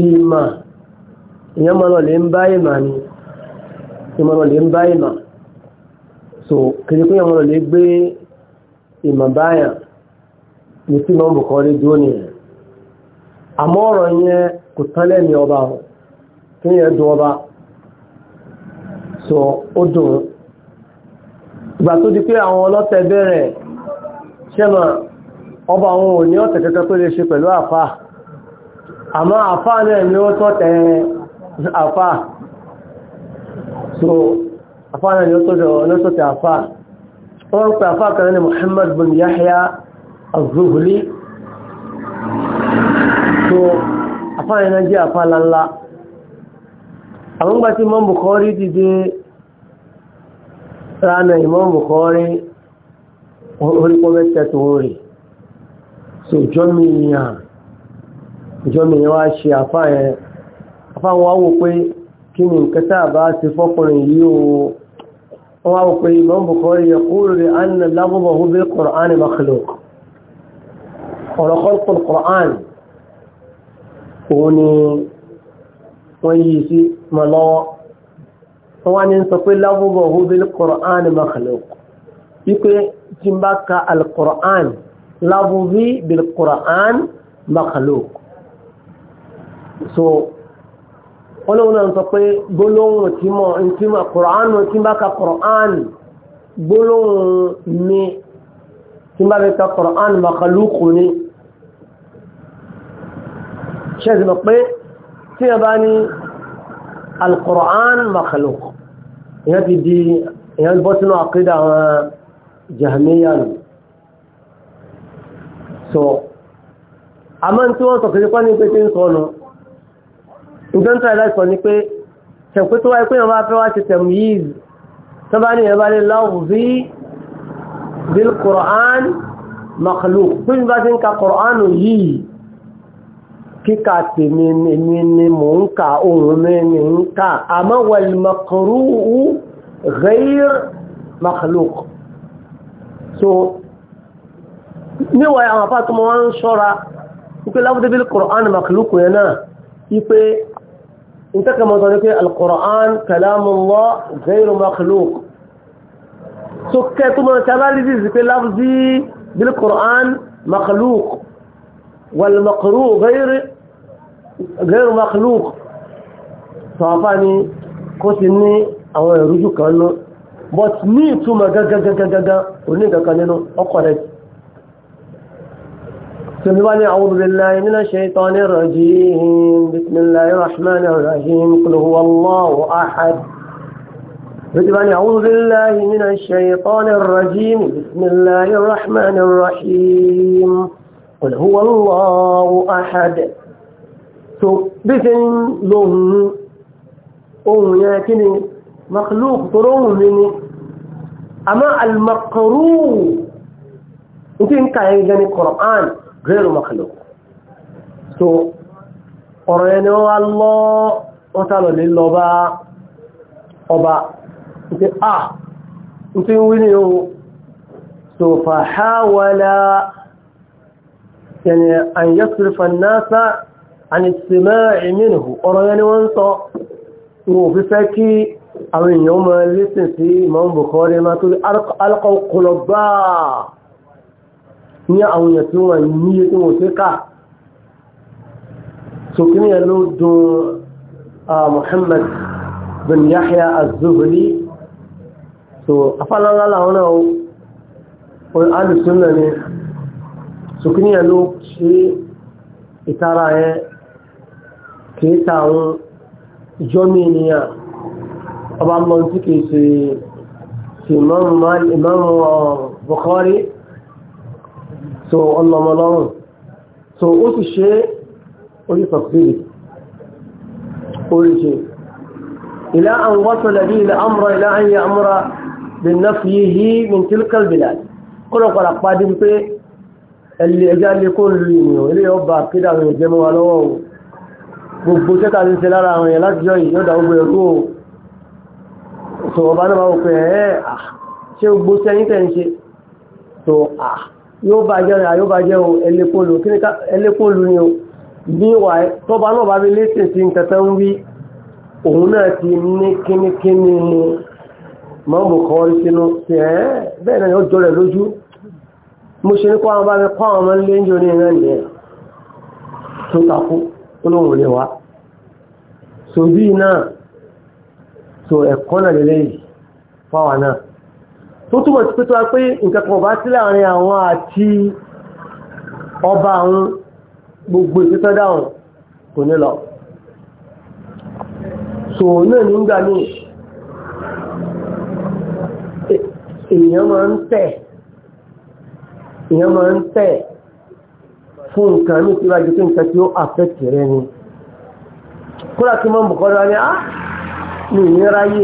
ìmà ìyẹn mọ́ lọ lè ń bá ìmà ni ìmọ̀ lè ń bá ìmà so kìrìkú yẹn mọ́ lọ lè gbé ìmọ̀ báyà ní tí wọ́n bùkọ́rí dúró nìyẹn àmọ́ ọ̀rọ̀ yẹn kò tán ọba o ọba sọ ọ dùn ìgbà tó di pé àwọn ọlọ́tẹ̀ bẹ̀rẹ̀ ṣẹ́mà ọba àwọn ò ní tó afa ṣe pẹ̀lú ni wọ́n pè àfá kan ní Muhammad bin Yahya az-Zuhli tó àfá yẹn náà jẹ́ àfá lánlá àwọn gbà tí Imam Bukhari dìde ránà Imam Bukhari orípọ̀ mẹ́ta tó ń rè so jọ́mi yàn jọ́mi wá ṣe àfá yẹn àfá pé kí ni nǹkan bá ti fọ́kùnrin yìí wọ́n wá pé Imam Bukhari yẹ kúrò rí an na lábọ́bọ̀ hù bí Qur'an makhluk ọ̀rọ̀ kọ́lùkùn Qur'an òun ni wọ́n yí sí mọ́ lọ́wọ́ wọ́n wá ní sọ pé lábọ́bọ̀ hù bí Qur'an makhluk wípé tí n bá ka al-Qur'an lábọ́bí bí Qur'an makhluk so wọ́n lóun náà sọ pé gbólóhùn tí mọ̀ tí mọ̀ kùránù tí bá ka kùránù gbólóhùn mi tí bá ka kùránù màkàlùkù ni ṣe ti mọ̀ pé tí a bá ní alkùránù màkàlùkù ìyẹn ti di ìyẹn bọ́ sínú àkídà àwọn jahmiya nù so àmọ́ tí wọ́n sọ kìí pẹ́ ní pé tí ń sọ nù nǹkan tó àìláìsọ ni pé tẹ̀pẹ́ tó wáyé pé wọ́n bá fẹ́ wá ṣe tẹ̀mù yìí tó bá ní ẹ̀bá lè láwù bí bil Qur'an makhluk pé bí bá ti ń ka Qur'an yìí kíkà tèmi ni ni mò ń ka ohun mi ni ń ka àmọ́ wal maqru'u ghayr makhluk so níwọ̀n àwọn apá tó mọ́ wọ́n ń ṣọ́ra wípé láwùdí bil Qur'an makhluk yẹn náà wípé انت كما ذلك القرآن كلام الله غير مخلوق سكتما تبالي في لفظي بالقرآن مخلوق والمقروء غير غير مخلوق صافاني كوتني او رجو كانو بس مي توما غا غا غا غا غا وني غا كانو اقرأ سبحان أعوذ بالله من الشيطان الرجيم بسم الله الرحمن الرحيم قل هو الله أحد سبحان أعوذ بالله من الشيطان الرجيم بسم الله الرحمن الرحيم قل هو الله أحد سبحان له أمياكن مخلوق ترون مني أما المقروء انت انت عايزاني قرآن gẹ́rù mọ́kànlọ́ so ọ̀rọ̀ ẹni wọ́n wá lọ wọ́n tààlọ̀ lè lọ bá ọba nke a nke ń wí ní o so fàháwàlá yẹni àyẹ́sìrìfà náà ànìsìmẹ́ ìmìnìhù ọ̀rọ̀ ẹni wọ́n sọ wọ́n fi fẹ́ kí àwọn èèyàn mọ́ lẹ́sìn sí Imam Bukhari máa tó alkọ̀ọ́kọ̀lọ̀ gbáà ní àwọn èèyàn tí wọ́n ní iye tí wọ́n ṣe ká sókè yẹn ló dùn Muhammad bin Yahya az-Zuhri so afáláńlá làwọn náà ó alùsùn náà ni sókè yẹn ló ṣe ìtara yẹn kìí ta àwọn ìjọ́mí ènìyàn ọba mọ́ kìí ṣe ìmọ̀ràn uh, Bukhari so ọlọmọ lọ́rùn so ó sì ṣe orí tọ̀sílì orí ṣe ilá an wọ́tọ̀ lẹ́bí ilá amúra ilá an yẹ amúra bí na fi yí min tilkal bilad kọ́lọ̀kọ́lá pàdé pé ẹjá lè kó lù ènìyàn ilé ọba kídà rẹ̀ jẹ́ mọ́ lọ́wọ́ o gbogbo tẹ́ka ti ṣe lára àwọn èèyàn láti jọ yìí yọ́dà gbogbo o so ọba náà wọ́n pẹ̀ ẹ́ ah, ṣé gbogbo sẹ́yìn tẹ̀ ṣe so ah, yóò bàjẹ́ rẹ̀ yóò bàjẹ́ o ẹlẹ́kọ́lù kí ní ká ẹlẹ́kọ́lù ni o bí wà ẹ́ tọ́ba náà bá fi léṣe sí nǹkan tó ń wí òun náà ti ní kínníkínní mọ́mù kan rí sínú ti ẹ́ bẹ́ẹ̀ náà yóò jọ rẹ̀ lójú mo ṣe ní kó àwọn bá mi kó àwọn ọmọ ilé ń jò ní iná nìyẹn tó takú ó lóun lè wá sòbí náà sò ẹ̀kọ́ náà lélẹ́yìí fáwa náà tó túnmọ̀ sí pé tó wá pé nǹkan kan bá sí láàrin àwọn àti ọba àwọn gbogbo ìtítọ́ dáhùn kò ní lọ so náà ní gbà ní èèyàn máa ń tẹ̀ èèyàn máa ń tẹ̀ fún nǹkan ní ìtìwájú pé nǹkan tí ó àfẹ́kì rẹ ni kúrò kí mọ́ bùkọ́ lọ ní á ah, ní ìníráyè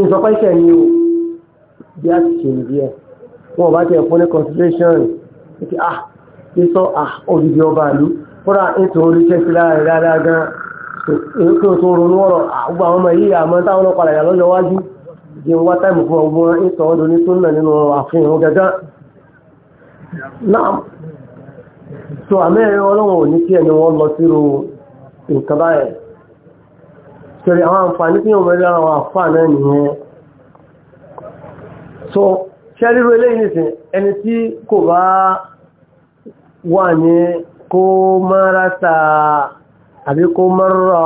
ìsọpẹ́sẹ̀ ni o bí a ti ṣe ìdí ẹ̀ wọ́n bá tẹ̀ fún ní consideration ìkí ah sísọ ah olùdí ọba ìlú fúnra ètò oríṣẹ́ sí lára dáadáa gan ètò tó ronú ọ̀rọ̀ ah, àwọn ọmọ yìí àmọ́ táwọn ọ̀pàdà yà lọ́jọ́ wájú jẹ́ wá táìmù fún ọgbọ́n ètò ọdún ní tó nà nínú àfihàn gẹ́gẹ́ náà so àmẹ́rin ọlọ́run ò ní kí ẹni wọ́n lọ sírò nǹkan báyẹn torí àwọn àǹfààní tí wọ́n mẹ́rin àwọn àfà náà nìyẹn so ṣẹ́ríro eléyìí nìsìn ẹni tí kò bá wà ní kó márata àbí kó mara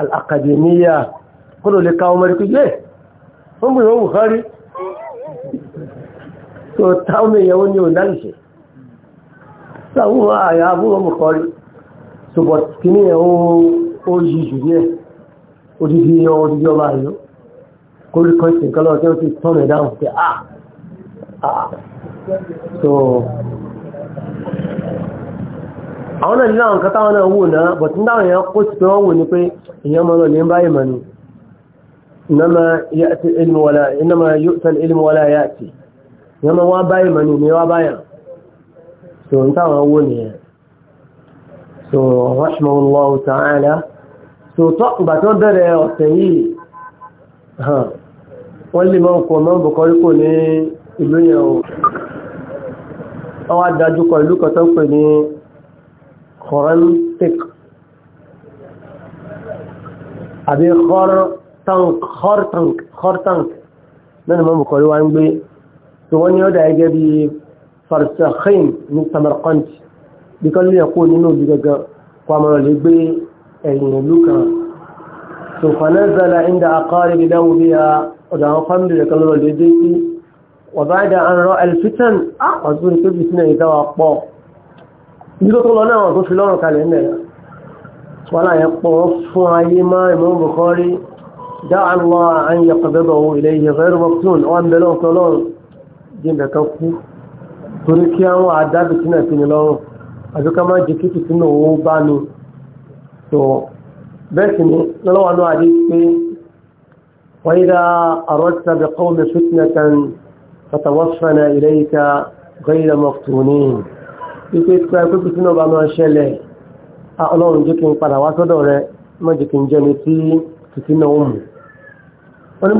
al'akademiya kúrò lè káwọn mẹ́rin pípẹ́ wọ́n bí wọ́n Bukhari so táwọn èèyàn ní ò láìṣẹ́ sáwọn àyà abúrò Bukhari so bọ̀ kí ní ẹ̀ ó yí odidi ọwọ́ odidi ọba ìlú kó rí kan sí nǹkan lọ́wọ́ tí ó ti tọ́nà ìdáhùn pé à ah, ah. so àwọn náà nínú àwọn nǹkan táwọn náà wò náà bọ̀ tí dáwọn èèyàn kó sì pé wọ́n wò ní pé èèyàn mọ́ lọ́lẹ̀ ń báyìí mọ̀ ni ìnáma yóò tẹ́l ilmu wala ya'ti èèyàn mọ́ wá báyìí mọ̀ ni ní wá báyà so ń táwọn wò nìyẹn so rahimahullahu ta'ala tòótọ́ ìgbà tó bẹ̀rẹ̀ ọ̀sẹ̀ yìí wọ́n lè mọ́ nǹkan mọ́ bùkọ́rí kò ní ìlú yẹn o wọ́n wá dájú kọ ìlú kan tó ń pè ní kọ́rẹ́ntìk àbí kọ́rtank náà mọ́ bùkọ́rí wá ń gbé tí wọ́n ní ọ̀dà ẹgẹ́ bí farsakhin ní samarkand bí kọ́ lè kó nínú ibi gangan kọ́ lè gbé ẹ̀yìn ìlú kan so fanazala inda aqarib lahu biha ọ̀dọ̀ àwọn fámìlì rẹ̀ kan lọ́rọ̀ lè dé sí wàbáyà àrọ̀ alfitan ọdún tó bí sínú ìdáwà pọ̀ nílò tó lọ náà wọ́n tó fi lọ́rùn kalẹ̀ ń bẹ̀rẹ̀ wọ́n láyé pọ̀ wọ́n torí kí àwọn àdábì sínú ẹ̀sìn lọ́rùn àbíká má jẹ́ kí tìtìnà owó bá ní so bẹ́ẹ̀ sì ni lọ́wọ́ náà àdé pé wọ́n yíra àrọ́ta bí kọ́wọ́mẹ́ fitnatan fatawọ́fẹ́nà ilẹ̀ ìka gọ́yìnà mọ̀tòní wípé tí wọ́n pípẹ́ sínú ọba máa ṣẹlẹ̀ ọlọ́run jẹ́ kí n padà wá sọ́dọ̀ rẹ má jẹ́ kí n ní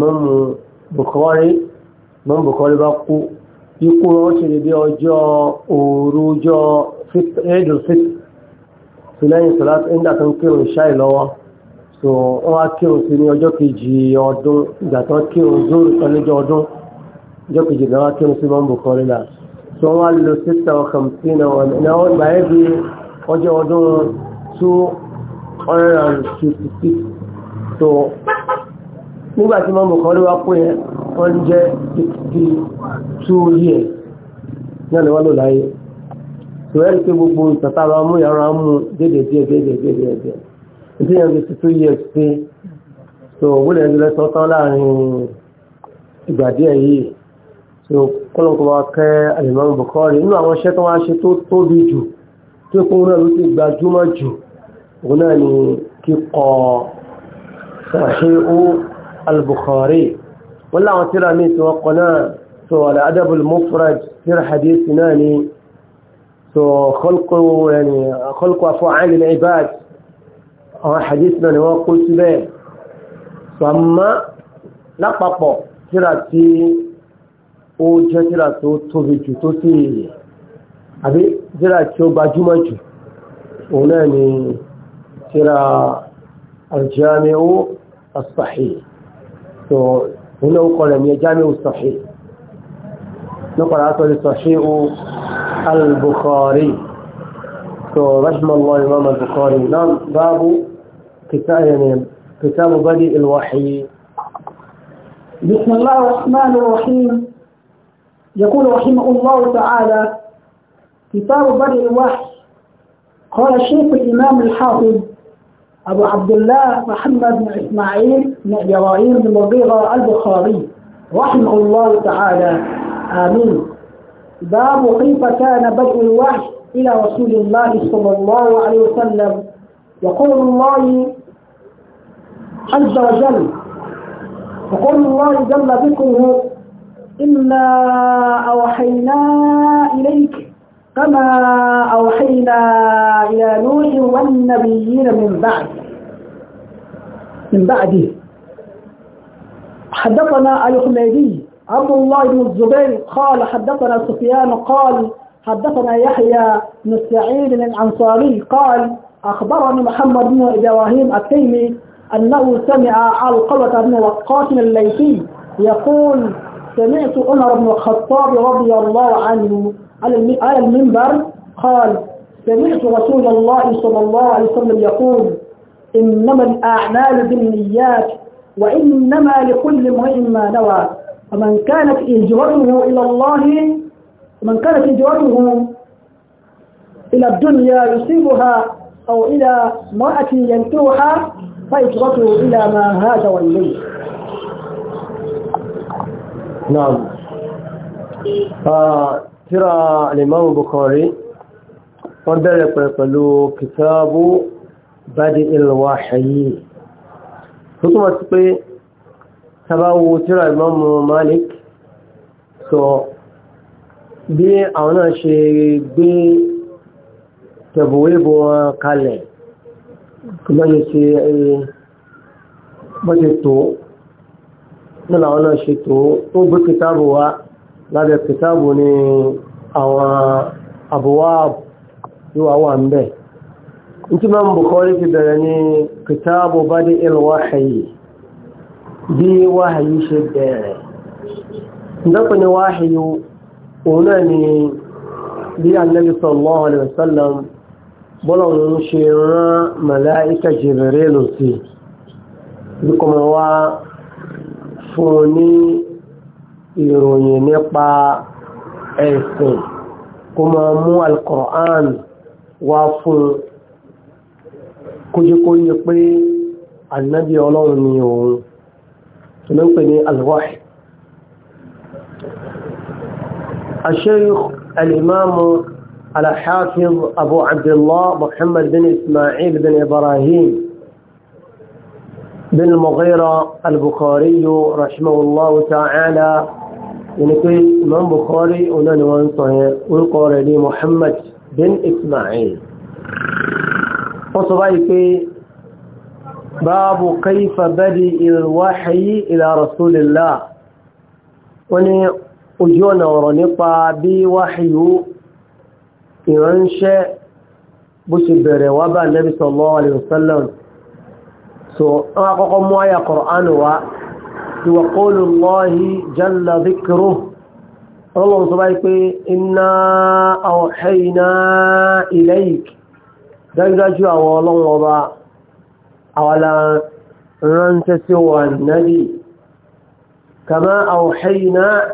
bó ṣe Bukhari mọ́ Bukhari bá kú ikú wọn ṣe lè bí ọjọ́ òru ọjọ́ ẹ̀dùn fit tó lẹ́yìn sọ̀rọ̀ ẹ̀ńdà tó ń kírun ṣáì lọ́wọ́ so wọ́n wá kírun sí ní ọjọ́ kejì ọdún ìgbà tó kírun zoro kan lọ́jọ́ ọdún ọjọ́ kejì náà wá kírun sí mọ́mbù kan lílà so wọ́n wá lo sítà ọkàn sí náà wọ́n gbà ẹ́ bí ọjọ́ ọdún two hundred and fifty six so nígbà tí mọ́mbù kan ló wá pé wọ́n jẹ́ bí two years náà ni wọ́n lò láyé tó ẹ́ pé gbogbo ìtàtà àwọn amú yàrá mú dédé díẹ̀ dédé díẹ̀ díẹ̀ díẹ̀ ìdí yẹn fi two years pé tó wúlẹ̀ ń lọ sọ́tán láàrin ìgbà díẹ̀ yìí tó kọ́lọ́kọ́ wa kẹ́ àlùmọ́ọ́mù bọ̀kọ́rì nínú àwọn iṣẹ́ tó wá ṣe tó tóbi jù tó kún náà ló ti gbajúmọ̀ jù òun náà ni kíkọ́ sàṣẹ́ ó al-Bukhari wọ́n láwọn tíra mi tí wọ́n kọ náà so al-adab al-mufrad tíra hadith náà ni so khalqu yani khalqu af'al al-ibad àwọn hadith náà ni wọ́n kó síbẹ̀ so àmọ́ lápapọ̀ tíra tí ó jẹ́ tíra tó tóbi jù tó sì àbí tíra tí ó gbajúmọ̀ jù òun náà ni tíra al-jami'u as-sahih so هنا وقال ان جامع الصحيح نقرا على الصحيح البخاري رحم الله الإمام البخاري نعم باب كتاب يعني كتاب بدء الوحي بسم الله الرحمن الرحيم يقول رحمه الله تعالى كتاب بدء الوحي قال الشيخ الامام الحافظ أبو عبد الله محمد بن إسماعيل بن إبراهيم بن مغيرة البخاري رحمه الله تعالى آمين باب كيف كان بدء الوحي إلى رسول الله صلى الله عليه وسلم وقول الله عز وجل وقول الله جل ذكره إنا أوحينا إليك كما أوحينا إلى نوح والنبيين من بعد من بعده حدثنا الحميدي عبد الله بن الزبير قال حدثنا سفيان قال حدثنا يحيى بن سعيد الأنصاري قال أخبرني محمد بن إبراهيم التيمي أنه سمع علقبة بن وقاص الليثي يقول سمعت عمر بن الخطاب رضي الله عنه على المنبر قال سمعت رسول الله صلى الله عليه وسلم يقول إنما الأعمال بالنيات وإنما لكل امرئ ما نوى فمن كانت هجرته إلى الله من كانت هجرته إلى الدنيا يصيبها أو إلى امرأة ينكرها فهجرته إلى ما هاج والليل نعم آه، tíra alimami Bukhari wọ́n bẹ̀rẹ̀ pẹ̀lú kìtàbù badi ilwahayi tó túnmọ̀ sí pé tàbáwo tíra imamu Malik sọ bí àwọn náà ṣe gbé tẹ̀bùwébù wọn kalẹ̀ lọ́yẹ̀ ṣe bọ́ṣe tó nílò àwọn náà ṣe tó ó gbé kìtàbù wa lábẹ́ kìtàbù ni àwọn abwab yóò wà wà ń bẹ̀. in ti máa ń Bukhari ti bẹ̀rẹ̀ ní kìtàbù badi'il wahyi bí wahyi ṣe bẹ̀rẹ̀ ìdápẹ̀ ni wahyi òun náà ni bí annabi ṣe rán màláíkà Jibrilu ìròyìn nípa ẹ̀sìn kó máa mú alkọ̀án wá fún kójíkó yẹ pé annabi ọlọ́run ni òun tó ló ń pè ní alwahi الشيخ الإمام الحافظ أبو عبد الله محمد بن إسماعيل بن إبراهيم بن المغيرة البخاري رحمه الله تعالى يعني كي إمام بخاري أولا نوان صحيح ويقال لي محمد بن إسماعيل فصبعي باب كيف بدي الوحي إلى رسول الله وني أجونا ورنطا بي وحي إرنشة بشبر وبا النبي صلى الله عليه وسلم سو أقوم ويا قرآن وقرآن وقول الله جل ذكره الله سبحانه إنا أوحينا إليك دعنا جوا والله وضع أولا رنس سوى النبي كما أوحينا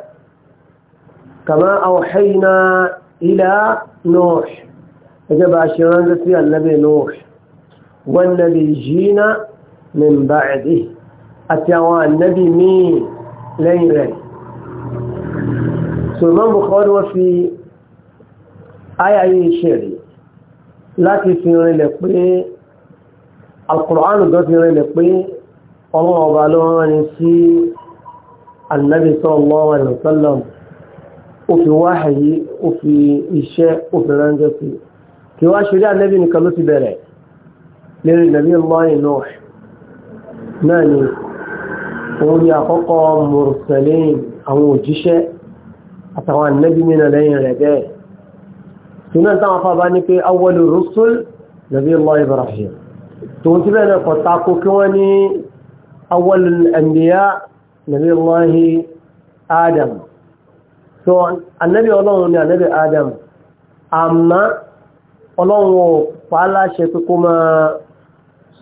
كما أوحينا إلى نوح أجب عشرين رنس النبي نوح والنبي جينا من بعده àti àwọn ànábì míì lẹ́yìn rẹ̀ so Imam Bukhari wọ́n fi àyà yìí ṣẹ̀rí láti fi rinlẹ̀ pé Al-Qur'an tó fi rinlẹ̀ pé ọlọ́run ọba ló rán ni sí ànábì sallallahu alaihi wasallam ó fi wáhàyí ó fi iṣẹ́ ó fi ránjẹ́ sí kí wá ṣe rí ànábì nìkan ló ti bẹ̀rẹ̀ lérí nàbí Allah Nuh náà ni òun ni àkọ́kọ́ mùrùsẹ̀lẹ́yìn àwọn òjíṣẹ́ àtàwọn ànábì mìíràn lẹ́yìn rẹ̀ bẹ́ẹ̀ tùnà táwọn afábá ní pé awwalu rusul nàbí Allah Ibrahim tòun ti bẹ́ẹ̀ kọ̀ tako kí wọ́n ní awwalu anbiya nàbí Allah Adam so ànábì ọlọ́run ni ànábì Adam àmọ́ ọlọ́run ò pa máa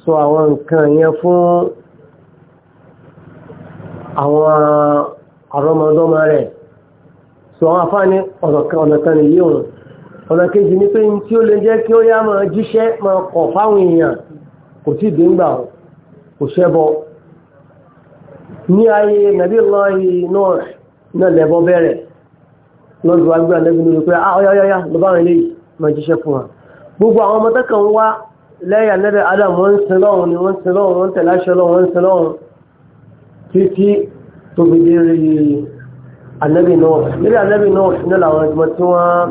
sọ àwọn nǹkan yẹn fún àwọn àrọ́mọdọ́mọ rẹ̀ so àwọn afáàní ọ̀nà kan nìyí òun ọ̀nà kejì ní pé ní tí ó lè jẹ́ kí ó yá máa jíṣẹ́ máa kọ̀ fáwọn èèyàn kò tí ìdí ń gbà kò ṣẹbọ ní ayé nàbí lọ́ọ̀yì náà náà bẹ̀rẹ̀ lọ́dún wa gbé àlẹ́bí ji pé ọ̀yọ́yọ́yá ah, títí tó fi dé rí anẹ́bì náà nílẹ̀ anẹ́bì náà nílẹ̀ àwọn ẹgbẹ́ tí wọ́n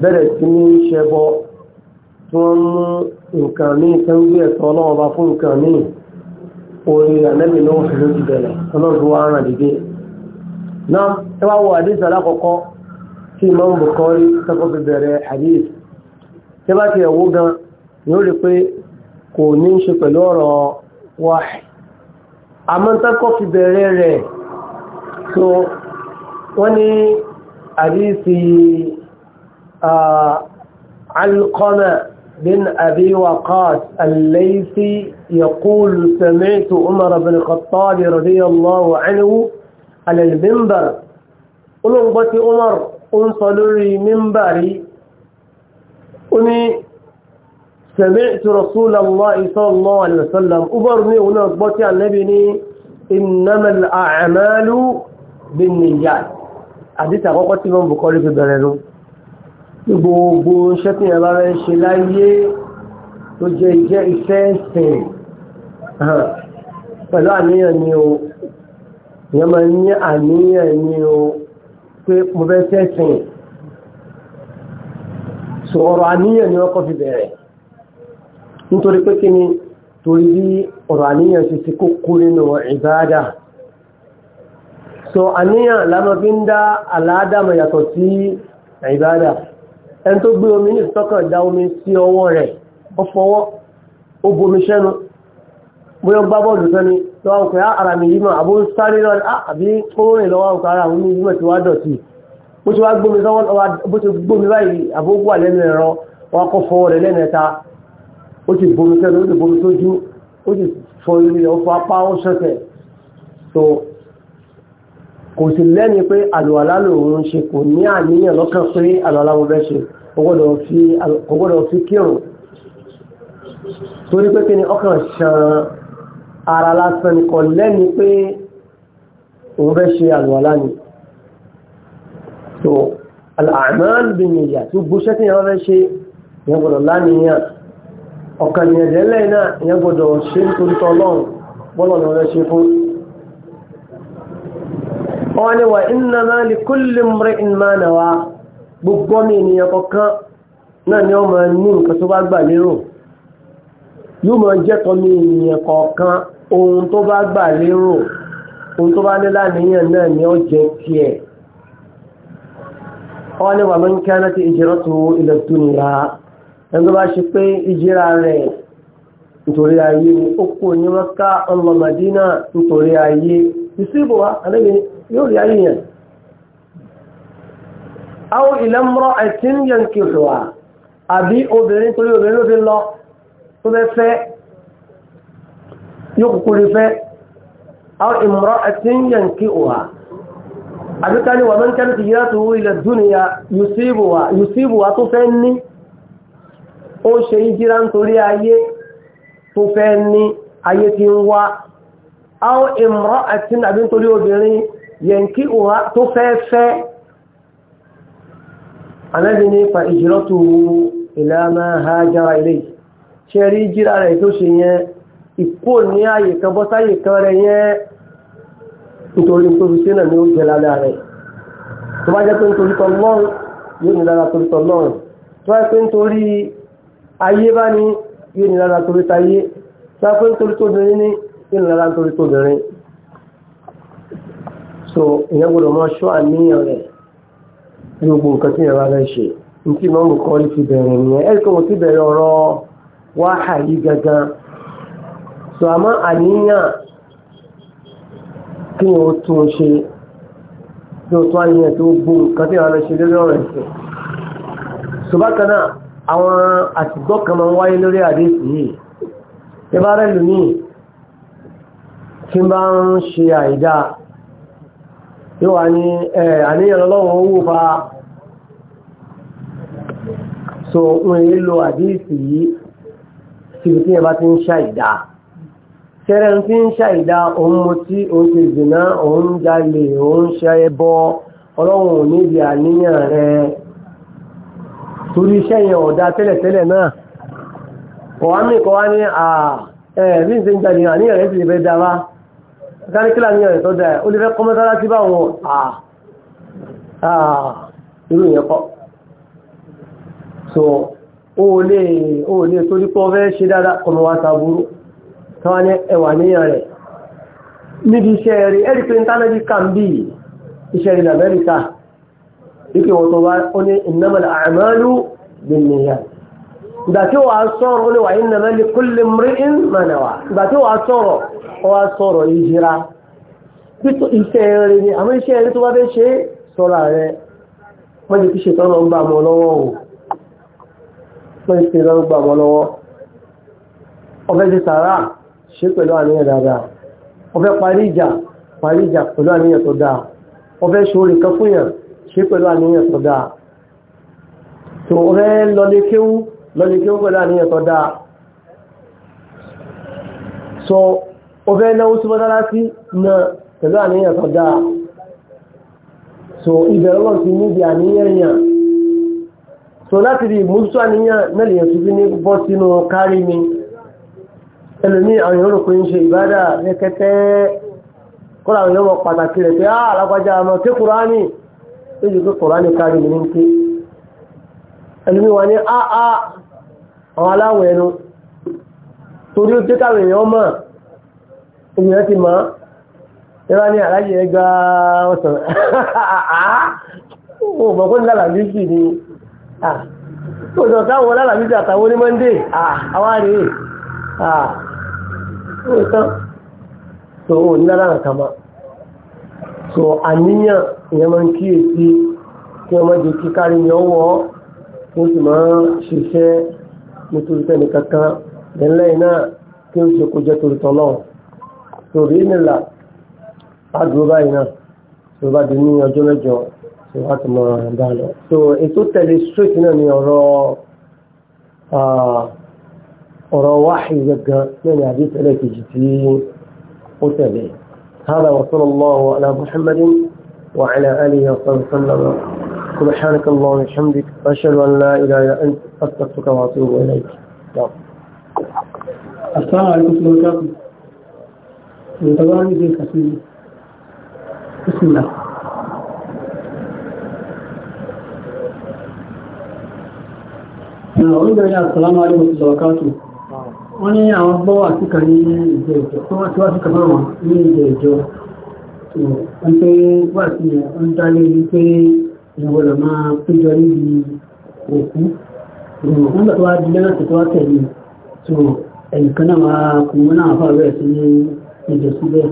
bẹ̀rẹ̀ sí ní ṣẹbọ tí wọ́n mú nǹkan ní ìtẹ́wé ẹ̀tọ́ ọlọ́wọ́ bá fún nǹkan ní orí anẹ́bì náà ló ti bẹ̀rẹ̀ ọlọ́run wa ràn dìde náà àmọ́ tákọ́ fi bẹ̀rẹ̀ rẹ̀ so wọ́n ní àdísì alqama bin abi waqas al-laythi yaqul sami'tu umar bin khattab radiyallahu anhu ala al-minbar olóngbọ́ tí umar ń sọ lórí mímbàrí سمعت رسول الله صلى الله عليه وسلم أبرني هنا أخبرتي عن نبيني إنما الأعمال بالنيات حديث أقوى من بقولي في بلده gbogbo iṣẹ́ tí ẹ̀bá rẹ̀ ṣe láyé tó jẹ́ iṣẹ́ iṣẹ́ ẹ̀sìn pẹ̀lú àníyàn ni o ìyẹn máa ní àníyàn ni o pé mo fẹ́ sẹ́sìn sọ̀rọ̀ àníyàn ni wọ́n kọ́ fi bẹ̀rẹ̀ nítorí pé kí ni torí bí ọ̀rọ̀ àníyàn ti ti kókó nínú ìbáadà so àníyàn lámọ́ fi ń dá aláàdámọ̀ yàtọ̀ sí ìbáadà ẹn tó gbé omi ní ìtọ́kàn dá omi sí ọwọ́ rẹ̀ ó fọwọ́ ó bomi sẹ́nu bóyá gbá bọ́ọ̀lù sẹ́ni lọ́wọ́ pé ara mi yíma àbó sáré lọ́rẹ̀ àbí kóòrìn lọ́wọ́ pé ara mi ó ti bomi sẹ́nu ó ti bomi sójú ó ti fọ ilé ọ̀fọ̀ apá ó ṣẹ̀ṣẹ̀ so kò sì lẹ́ni pé àlùwàlá lòun ṣe kò ní àníyàn lọ́kàn pé àlùwàlá wọn fẹ́ ṣe kò gbọ́dọ̀ fi kírun torí pé kí ni ọkàn ṣan ara lásán ni kò lẹ́ni pé òun fẹ́ ṣe àlùwàlá ni so àmọ́ bí nìyà tó gbóṣẹ́ tí wọ́n fẹ́ ṣe ìyẹn gbọ́dọ̀ láníyàn ọ̀kan ní ẹ̀dẹ̀ lẹ́yìn náà ìyẹn gbọ́dọ̀ ṣe ń torítọ́ ọlọ́run bọ́lọ̀ ni wọ́n ṣe fún wọ́n ni wà iná máa lè kó lè mọ́rẹ́ ìmáà náà wá gbogbo mi ènìyàn kọ̀ọ̀kan náà ni wọ́n máa ní nǹkan tó ohun tó bá gbà lérò ohun tó bá ní láníyàn náà ni ó jẹ́ tiẹ̀ wọ́n ni wà mọ́ ń kí á náà ti ìjẹ́rọ́ tó ilẹ̀ tó nìyà ẹni tó bá ṣe pé ìjíra rẹ̀ nítorí ayé ni ó kò ní mọ́ká ọmọ Madina nítorí ayé ìsìnbò wa alẹ́gbẹ̀ yóò rí ayé yẹn àwọn ìlẹ́mọ́rọ̀ àìsín yẹn kì í wà àbí obìnrin torí obìnrin ló fi lọ tó fẹ́ fẹ́ yóò kúkú fẹ́ àwọn ìmọ̀rọ̀ àìsín yẹn kì wà àbíkání ti yẹ́ tó ilẹ̀ dúnìyà yusibu wa tó fẹ́ ní ó ṣe ìjírá nítorí ayé tó fẹ́ ní ayé tí ń wá áwọn ìmọ̀rọ̀ àti nàbí nítorí obìnrin yẹ̀ǹkí òhá tó fẹ́ fẹ́ anábì ní fa ìjírọ́tù ìlànà hajara ilé ṣe rí ìjírá rẹ̀ tó ṣe yẹn ìkó ní ààyè kan bọ́ sáyè kan rẹ̀ yẹn nítorí tó fi sínà ní ó jẹ́ lára rẹ̀ tó bá jẹ́ pé nítorí tọ́lọ́rùn yóò ní lára torí tọ́lọ́rùn tó bá jẹ́ pé nítorí ayé bá ní yóò ní lára torí táyé sáfẹ́ nítorí tó bìnrin ní yóò ní lára nítorí tó bìnrin so ìyẹn gbọ́dọ̀ mọ́ ṣọ́ àníyàn rẹ̀ ní gbogbo nǹkan tí ìyàrá rẹ̀ ṣe ní tí mọ́mù kọ́ lè fi bẹ̀rẹ̀ nìyẹn ẹ̀rí kan ti bẹ̀rẹ̀ ọ̀rọ̀ wáhà yìí gangan so àmọ́ àníyàn kí ni ó tún ṣe bí ó tún àníyàn tó gbó nǹkan tí ìyàrá rẹ̀ ṣe lórí ọ̀rọ̀ ẹ̀sìn so bákan náà àwọn àtìgbọ́ kan máa ń wáyé lórí àdéhùn yìí tí bá rẹ̀ lù ní tí bá ń ṣe àìdá yóò wá ní àníyàn owó fa so wọn èyí lo àdéhùn yìí síbi tí yẹn bá ti ń ṣe àìdá tẹ́rẹ̀ ń fi ń ṣe àìdá òun mo tí òun ti dìná òun jalè òun ṣe ẹbọ ọlọ́run ò ní ibi àníyàn rẹ̀ torí iṣẹ́ yẹn ọ̀dá tẹ́lẹ̀tẹ́lẹ̀ náà ọ̀wá mi kọ́ wá ní ẹ̀rí ń ṣe ń jáde àní ẹ̀rẹ́ ti fẹ́ dá wá káríkílà ní ẹ̀rẹ́ tó dá ẹ̀ ó lè fẹ́ kọ́ mọ́sára sí báwọn irú yẹn kọ́ so ó lè ó lè torí pé ọfẹ́ ṣe dáadáa kọ́mọ wá sábúrú tọ́wá ní ẹ̀wà níyàn rẹ̀ níbi iṣẹ́ rí ẹ̀rí pé ń tánà bí iṣẹ́ rí lamẹ́ríkà wípé wọ́n tó wá ó ní innamal a'malu binniyat ìgbà tí wàá sọ̀rọ̀ ó ní wa innama li kulli imri'in ma nawa ìgbà tí wàá sọ̀rọ̀ ó wá sọ̀rọ̀ ìjìra pító iṣẹ́ rẹ ni àmọ́ iṣẹ́ ṣe pẹ̀lú àníyàn dáadáa ọ̀fẹ́ parí ìjà pẹ̀lú àníyàn tó dáa ọ̀fẹ́ ṣòro kan fún yàn ṣe pẹ̀lú àníyàn tó dáa tó rẹ́ lọ́lékéwú lọ́lékéwú pẹ̀lú àníyàn tó dáa so o fẹ́ náwó sí mọ́tálá sí na pẹ̀lú àníyàn tó dáa so ìbẹ̀rù wọn ti níbi àníyàn yàn so láti rí ìmúsù àníyàn mẹ́lìyàn tó fi ní bọ́ sínú kárí mi ẹlòmí àwọn èèyàn rò pé ń ṣe ìbádà ó yìí pé kòránì kárí mi ní pé ẹlùmí wa ní àá ah, ah, àwọn aláwọ̀ ẹnu torí ó dékàwé èèyàn mọ̀ ènìyàn ti mọ̀ ẹ̀rọ ní àláyé ẹgbà ọ̀sán ó mọ̀ kó ní lálàbí sì ni ah, ó sọ káwọn lálàbí sì àtàwọn ní monday àwọn àrè ó tán tó ó ní lálàbí kàmá so àníyàn èèyàn máa ń kíyèsí kí ọmọ jẹ kí kárí ni ọwọ́ kí ó sì máa ṣiṣẹ́ nítorí tẹ́ni kankan lẹ́lẹ́ iná kí ó ṣe kó jẹ́ torí tọ́lọ́ torí nílà àdúró báyìí náà tó bá di ní ọjọ́ mẹ́jọ tó wá ti mọ ọ̀rọ̀ bá lọ. so ètò tẹ̀lé straight náà ni ọ̀rọ̀ ọ̀rọ̀ wáhì gangan náà àdé tẹ́lẹ̀ kejì tí ó tẹ̀lé. هذا وصلى الله على محمد وعلى آله وصحبه وسلم سبحانك اللهم وبحمدك أشهد أن لا إله إلا أنت أستغفرك وأتوب إليك نعم. السلام عليكم ورحمة الله وبركاته طبعا بسم الله نعم، السلام عليكم ورحمة الله وبركاته wọ́n ní àwọn gbọ́ àtúkà ní ìjọ ìjọ tó wọ́n ti wá síkà máa wọ̀n ní ìjọ ìjọ wọ́n pé wà sí ọ̀n dálé ní pé ìwọ̀n lọ máa péjọ níbi òkú wọ́n gbà tó wá dílé náà tó wá tẹ̀lé tó ẹnìkan náà wá kùnmọ́ náà fà rẹ̀ sí ní ìjọ síbẹ̀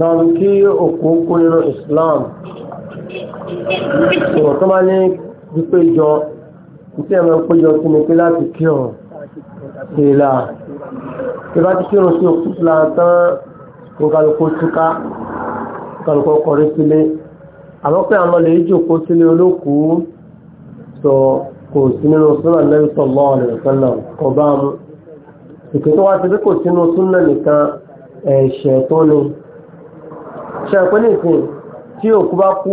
wọ́n kí òkú kó nínú Islam tó máa ní wípé jọ ìtẹ́ ẹ̀mọ́ tí ni pé láti kí ọ̀rọ̀ tèèlà tí bá ti kírun sí òkú sílá tán nǹkanlùkọ́ túká nǹkanlùkọ́ kọrí sílé àmọ́ pé àwọn lè jòkó sílé olókùú sọ kò sí nínú súnà lẹ́yìn sallallahu alaihi wasallam kò bá mu ìpè tó wá ti bí kò sínú súnà nìkan ẹ̀ṣẹ̀ tó ni ṣe àpẹẹlẹ ìsìn tí òkú bá kú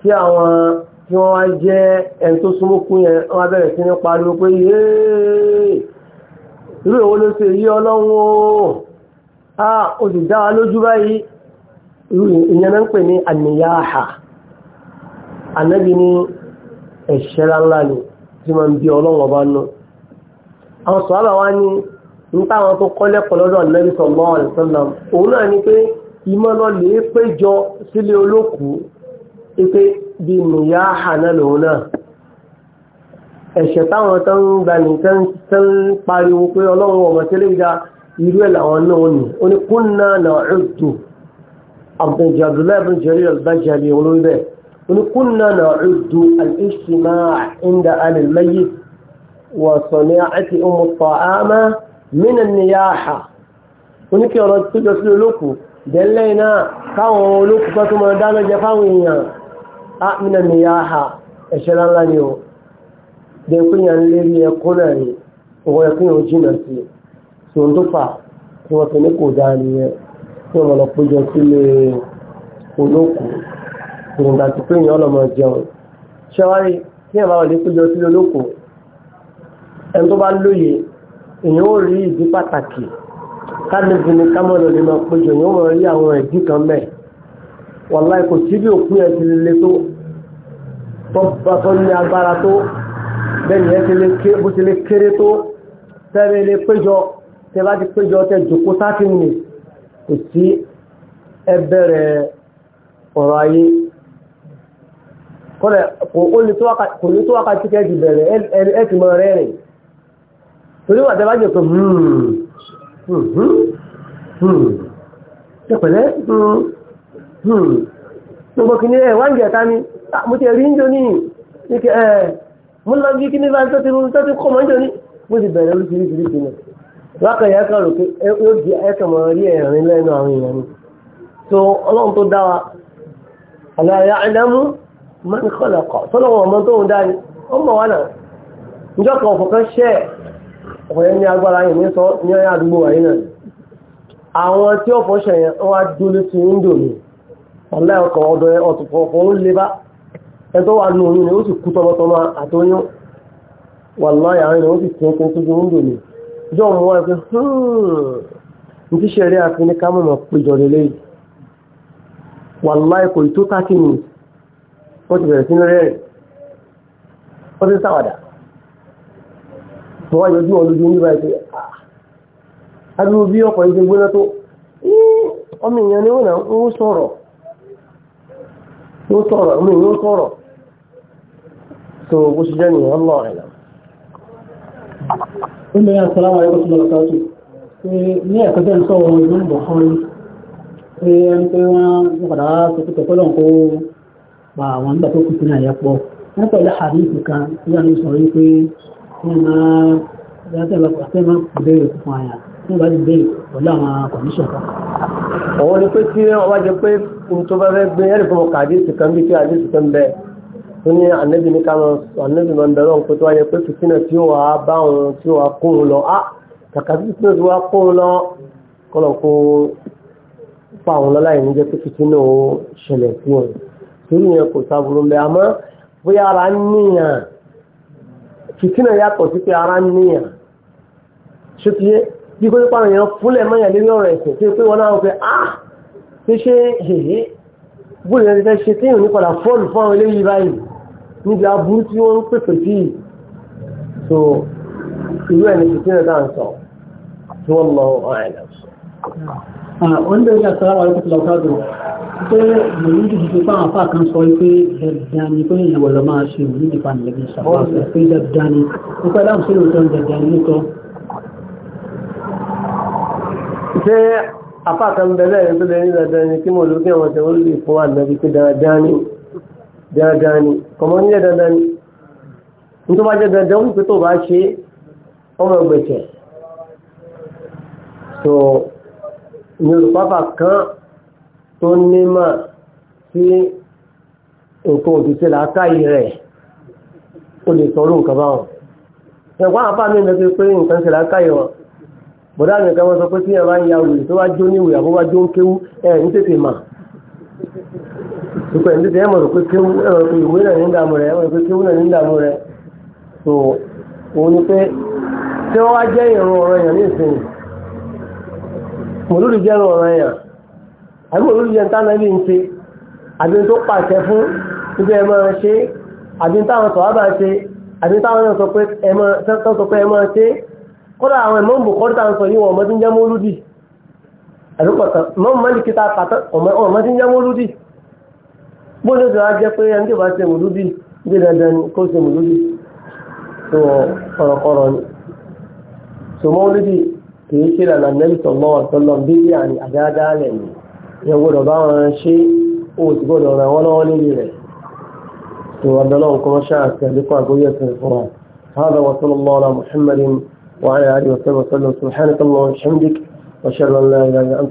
tí àwọn tí wọ́n wá jẹ́ ẹni tó súnmọ́ kú yẹn wọ́n bẹ̀rẹ̀ sí ní pariwo pé irú èwo ló ṣe yí ọlọ́run o a o sì dá wa lójú báyìí irú ìyẹn náà ń pè ní àníyáhà ànábi ní ẹ̀ṣẹ̀ ha ni tí máa ń bí ọlọ́run ọba nù àwọn sọ̀rọ̀ wa ní tó kọ́ lẹ́kọ̀ọ́ lọ́dọ̀ ànábi òun náà ni pé ìmọ̀ lè péjọ sílé olókùú pípé bí nìyá hànà lòun náà ẹ̀ṣẹ̀ táwọn tó ń gba nìkan tó ń pariwo pé ọlọ́run ọmọ tẹ́lẹ̀ ìdá irú ẹ̀ làwọn náà ní ó ní kúnnà náà ẹ̀tù abdullah ibn jarir al-bajali olórí bẹ́ẹ̀ ó ní kúnnà àmìnà ni yá ha ẹ̀ṣẹ̀ ńlá ni o dẹ̀kúnyà ń lérí ẹkún náà ni ìwọ ẹkúnyà ó jìnà sí tó ń tó fà tí wọ́n fi ní kò dáa nìyẹn tí wọ́n lọ péjọ sílé olókùú ìrìnà ti pé èèyàn ọlọmọ jẹun ṣẹwárí tí ẹ̀ bá wọlé péjọ sílé olókùú ẹni tó bá lóye èèyàn ó rí ìdí pàtàkì kálífì ní kámọ́nà lè máa péjọ èèyàn ó rí àwọn ìdí kan mẹ́ẹ̀ wàláì kò síbi òkú ẹ̀ ti lè tó tọ́bàtọ́ ní agbára tó bẹ́ẹ̀ni ẹ́ bó ti lè kéré tó tẹ́rẹ lè péjọ tẹ́ bá ti péjọ tẹ́ jòkó sáàtì nì kò sí ẹ bẹ̀rẹ̀ ọ̀rọ̀ ayé kọ́lẹ̀ kò ní tó wákàtí kẹ́ ti bẹ̀rẹ̀ ẹ ti mọ rẹ́rìn torí wà tẹ́ bá jẹ́ pé hmm, hmm, hmm, ṣe pẹ̀lẹ́ gbogbo kìíní ẹ̀ Ah, mo ti rí njọ ní ike ẹ mo lọ bí kíní bá tọ́tí mo tọ́tí kọ́ mọ́ njọ ní mo ti bẹ̀rẹ̀ oríṣiríṣiríṣi nù lákà yà kà rò pé yóò di ẹ̀kà mọ̀ rí ẹ̀rín lẹ́nu àwọn èèyàn ni so ọlọ́run tó dá wa àlọ́ àyà ẹ̀dámú máa ń kọ́ lẹ́kọ̀ọ́ sọ́lọ́wọ́n ọmọ tó ń dá ni ó mọ̀ wá náà njọ́ kan ọ̀fọ̀kan ṣẹ́ ọ̀pọ̀lẹ́ ní agbára yìí ní sọ ní ọ̀yà àdúgbò wáyé náà àwọn tí ọ̀fọ̀ ṣẹ̀yẹn wá dúró sí ń dò ní ọ̀lá ọkọ̀ ọ̀dọ̀ ọ̀tùpọ̀ ọ̀fọ̀ ń le bá ẹ̀tọ́ wà nù oyún ni ó sì kú tọmọtọmọ àtọyún wàláyà rẹ̀ ó sì tí ó kún sójú ń jọ mú wá pé hmm, tí ṣe rí àfi ní kámọ̀mọ̀ péjọ lélẹ́ yìí wàláyà kò tó tákì ní wọ́n ti bẹ̀rẹ̀ sínú rẹ̀ wọ́n ti sáwàdà wọ́n yọjú wọn lójú nígbà pé ah, adúlù bí ọkọ̀ yìí ti gbóná tó ọmọ ni tó bó ṣe jẹ́ nìyàn lọ rẹ̀ lọ. ó lè yàn sọ́lá wáyé bọ́sùn lọ́wọ́ sọ́tù pé ní ẹ̀kọ́ tẹ́ ń sọ wọn ìlú ìbò fún yín pé ẹni pé wọ́n ń padà wá sọ pé tẹ̀kọ́ lọ́n kó pa àwọn nígbà tó kù sí náà yẹ pọ̀ wọ́n pẹ̀lú àdínkù kan tí wọ́n ń máa fẹ́ fún àyà tí wọ́n bá ti béèrè pẹ̀lú àwọn kọ̀míṣọ̀ kan. ọ̀wọ́n ni pé tí wọ́n bá jẹ pé ó ní ànẹ́bì ní ká ànẹ́bì máa ń bẹ̀rọ nǹkan tó wáyé pé fìtínà tí ó wà á bá òun tí ó wà kó òun lọ á kàkà sí fìtínà tí ó wà kó òun lọ kọ́nà kó fa òun lọ́la yìí ń jẹ́ pé fìtínà ó ṣẹlẹ̀ sí òun torí yẹn kò sábúrú lẹ àmọ́ bóyá ara níyàn fìtínà yàtọ̀ sí pé ara níyàn ṣé ti yé bí kò ní àwọn èèyàn fúnlẹ̀ mọ́yàn lórí ọ̀rọ̀ ẹ̀sìn tí ó pé wọn ah ṣe ṣe bóyá ti fẹ́ ṣe téèyàn ní padà fọ́ọ̀lù fún àwọn eléyìí báyìí níbi aburú tí wọ́n ń pèpè sí i so irú ẹni tuntun náà dáa ń sọ tí wọ́n lọ àìlẹ̀ sọ. wọ́n bẹ̀rẹ̀ àtàrà wà lókùtù lọ́kàdùn pé mòlú ti fi fáwọn afá kan sọ pé dandan ni pé ìyàwó lọ máa ṣe òní nípa nìyẹn ṣàkóso pé dandan ni wọ́n pẹ́ láwọn sílẹ̀ òótọ́ dandan ní tọ́. ṣé afá kan bẹ̀rẹ̀ ẹni tó lè ní dandan ni kí mòlú kí àwọn ọ̀sẹ̀ wọ́n lè fún àná dandan ni kọ̀mọ́ nílẹ̀ dandan ni nítorí bá jẹ́ dandan ó pé tó bá ṣe ọmọ ìgbẹ̀tẹ̀ tó ní olùpápá kan tó ní mà sí nǹkan òdìsí làákàyè rẹ̀ ó lè sọ lóhùn kan báwọn ẹ̀kọ́ àpá mi lọ sí pé nǹkan ṣe làákàyè wọn bọ̀dá mi kan wọ́n sọ pé tí ẹ̀ bá ń ya wèrè tó bá jó níwèé àbúwájú ń kéwú ẹ̀ ń tètè mà dukkan inda ya mọ̀ pé ìwé náà ní ìdààmú rẹ̀ ẹ̀mọ̀ pé kíwú náà ní ìdààmú rẹ̀ so òun ni pé tí wọ́n wá jẹ́ ìrún ọ̀rọ̀ èèyàn ní ìsìn mòlúdì jẹ́ ìrún ọ̀rọ̀ èèyàn àbí mòlúdì jẹ́ ìtànà bí n ṣe àbí tó pàṣẹ fún ibi ẹ̀ máa ṣe àbí táwọn sọ̀rọ̀ bá ṣe àbí táwọn náà sọ pé ẹ̀ máa ṣe kódà àwọn ẹ̀mọ́ ń bò kọ́ táwọn sọ yìí wọ́n ọmọ tí ń jẹ́ mòlúdì àbí pọ̀tàn mọ́ bóyá tó wá jẹ́ pé ẹni tí ò bá ṣe mùlúdì gbé dandan ni kó ṣe mùlúdì ọ̀rọ̀kọ̀rọ̀ ni sọmọ olùdí kìí ṣe lànà nẹ́bìtọ̀ mọ́ ọ̀tọ́lọ́ bíbí àní àdáadáa lẹ̀ ni ìyẹn gbọ́dọ̀ bá wọn ṣe ó ti gbọ́dọ̀ ràn wọ́n lọ́wọ́ níbi rẹ̀ tó ọ̀dọ́lọ́wọ́ kọ́ ṣáà sí àlékún àgbóyè ẹ̀sìn fún wa هذا وصلى الله على محمد وعلى اله وصحبه وسلم سبحانك اللهم وبحمدك واشهد ان لا اله الا انت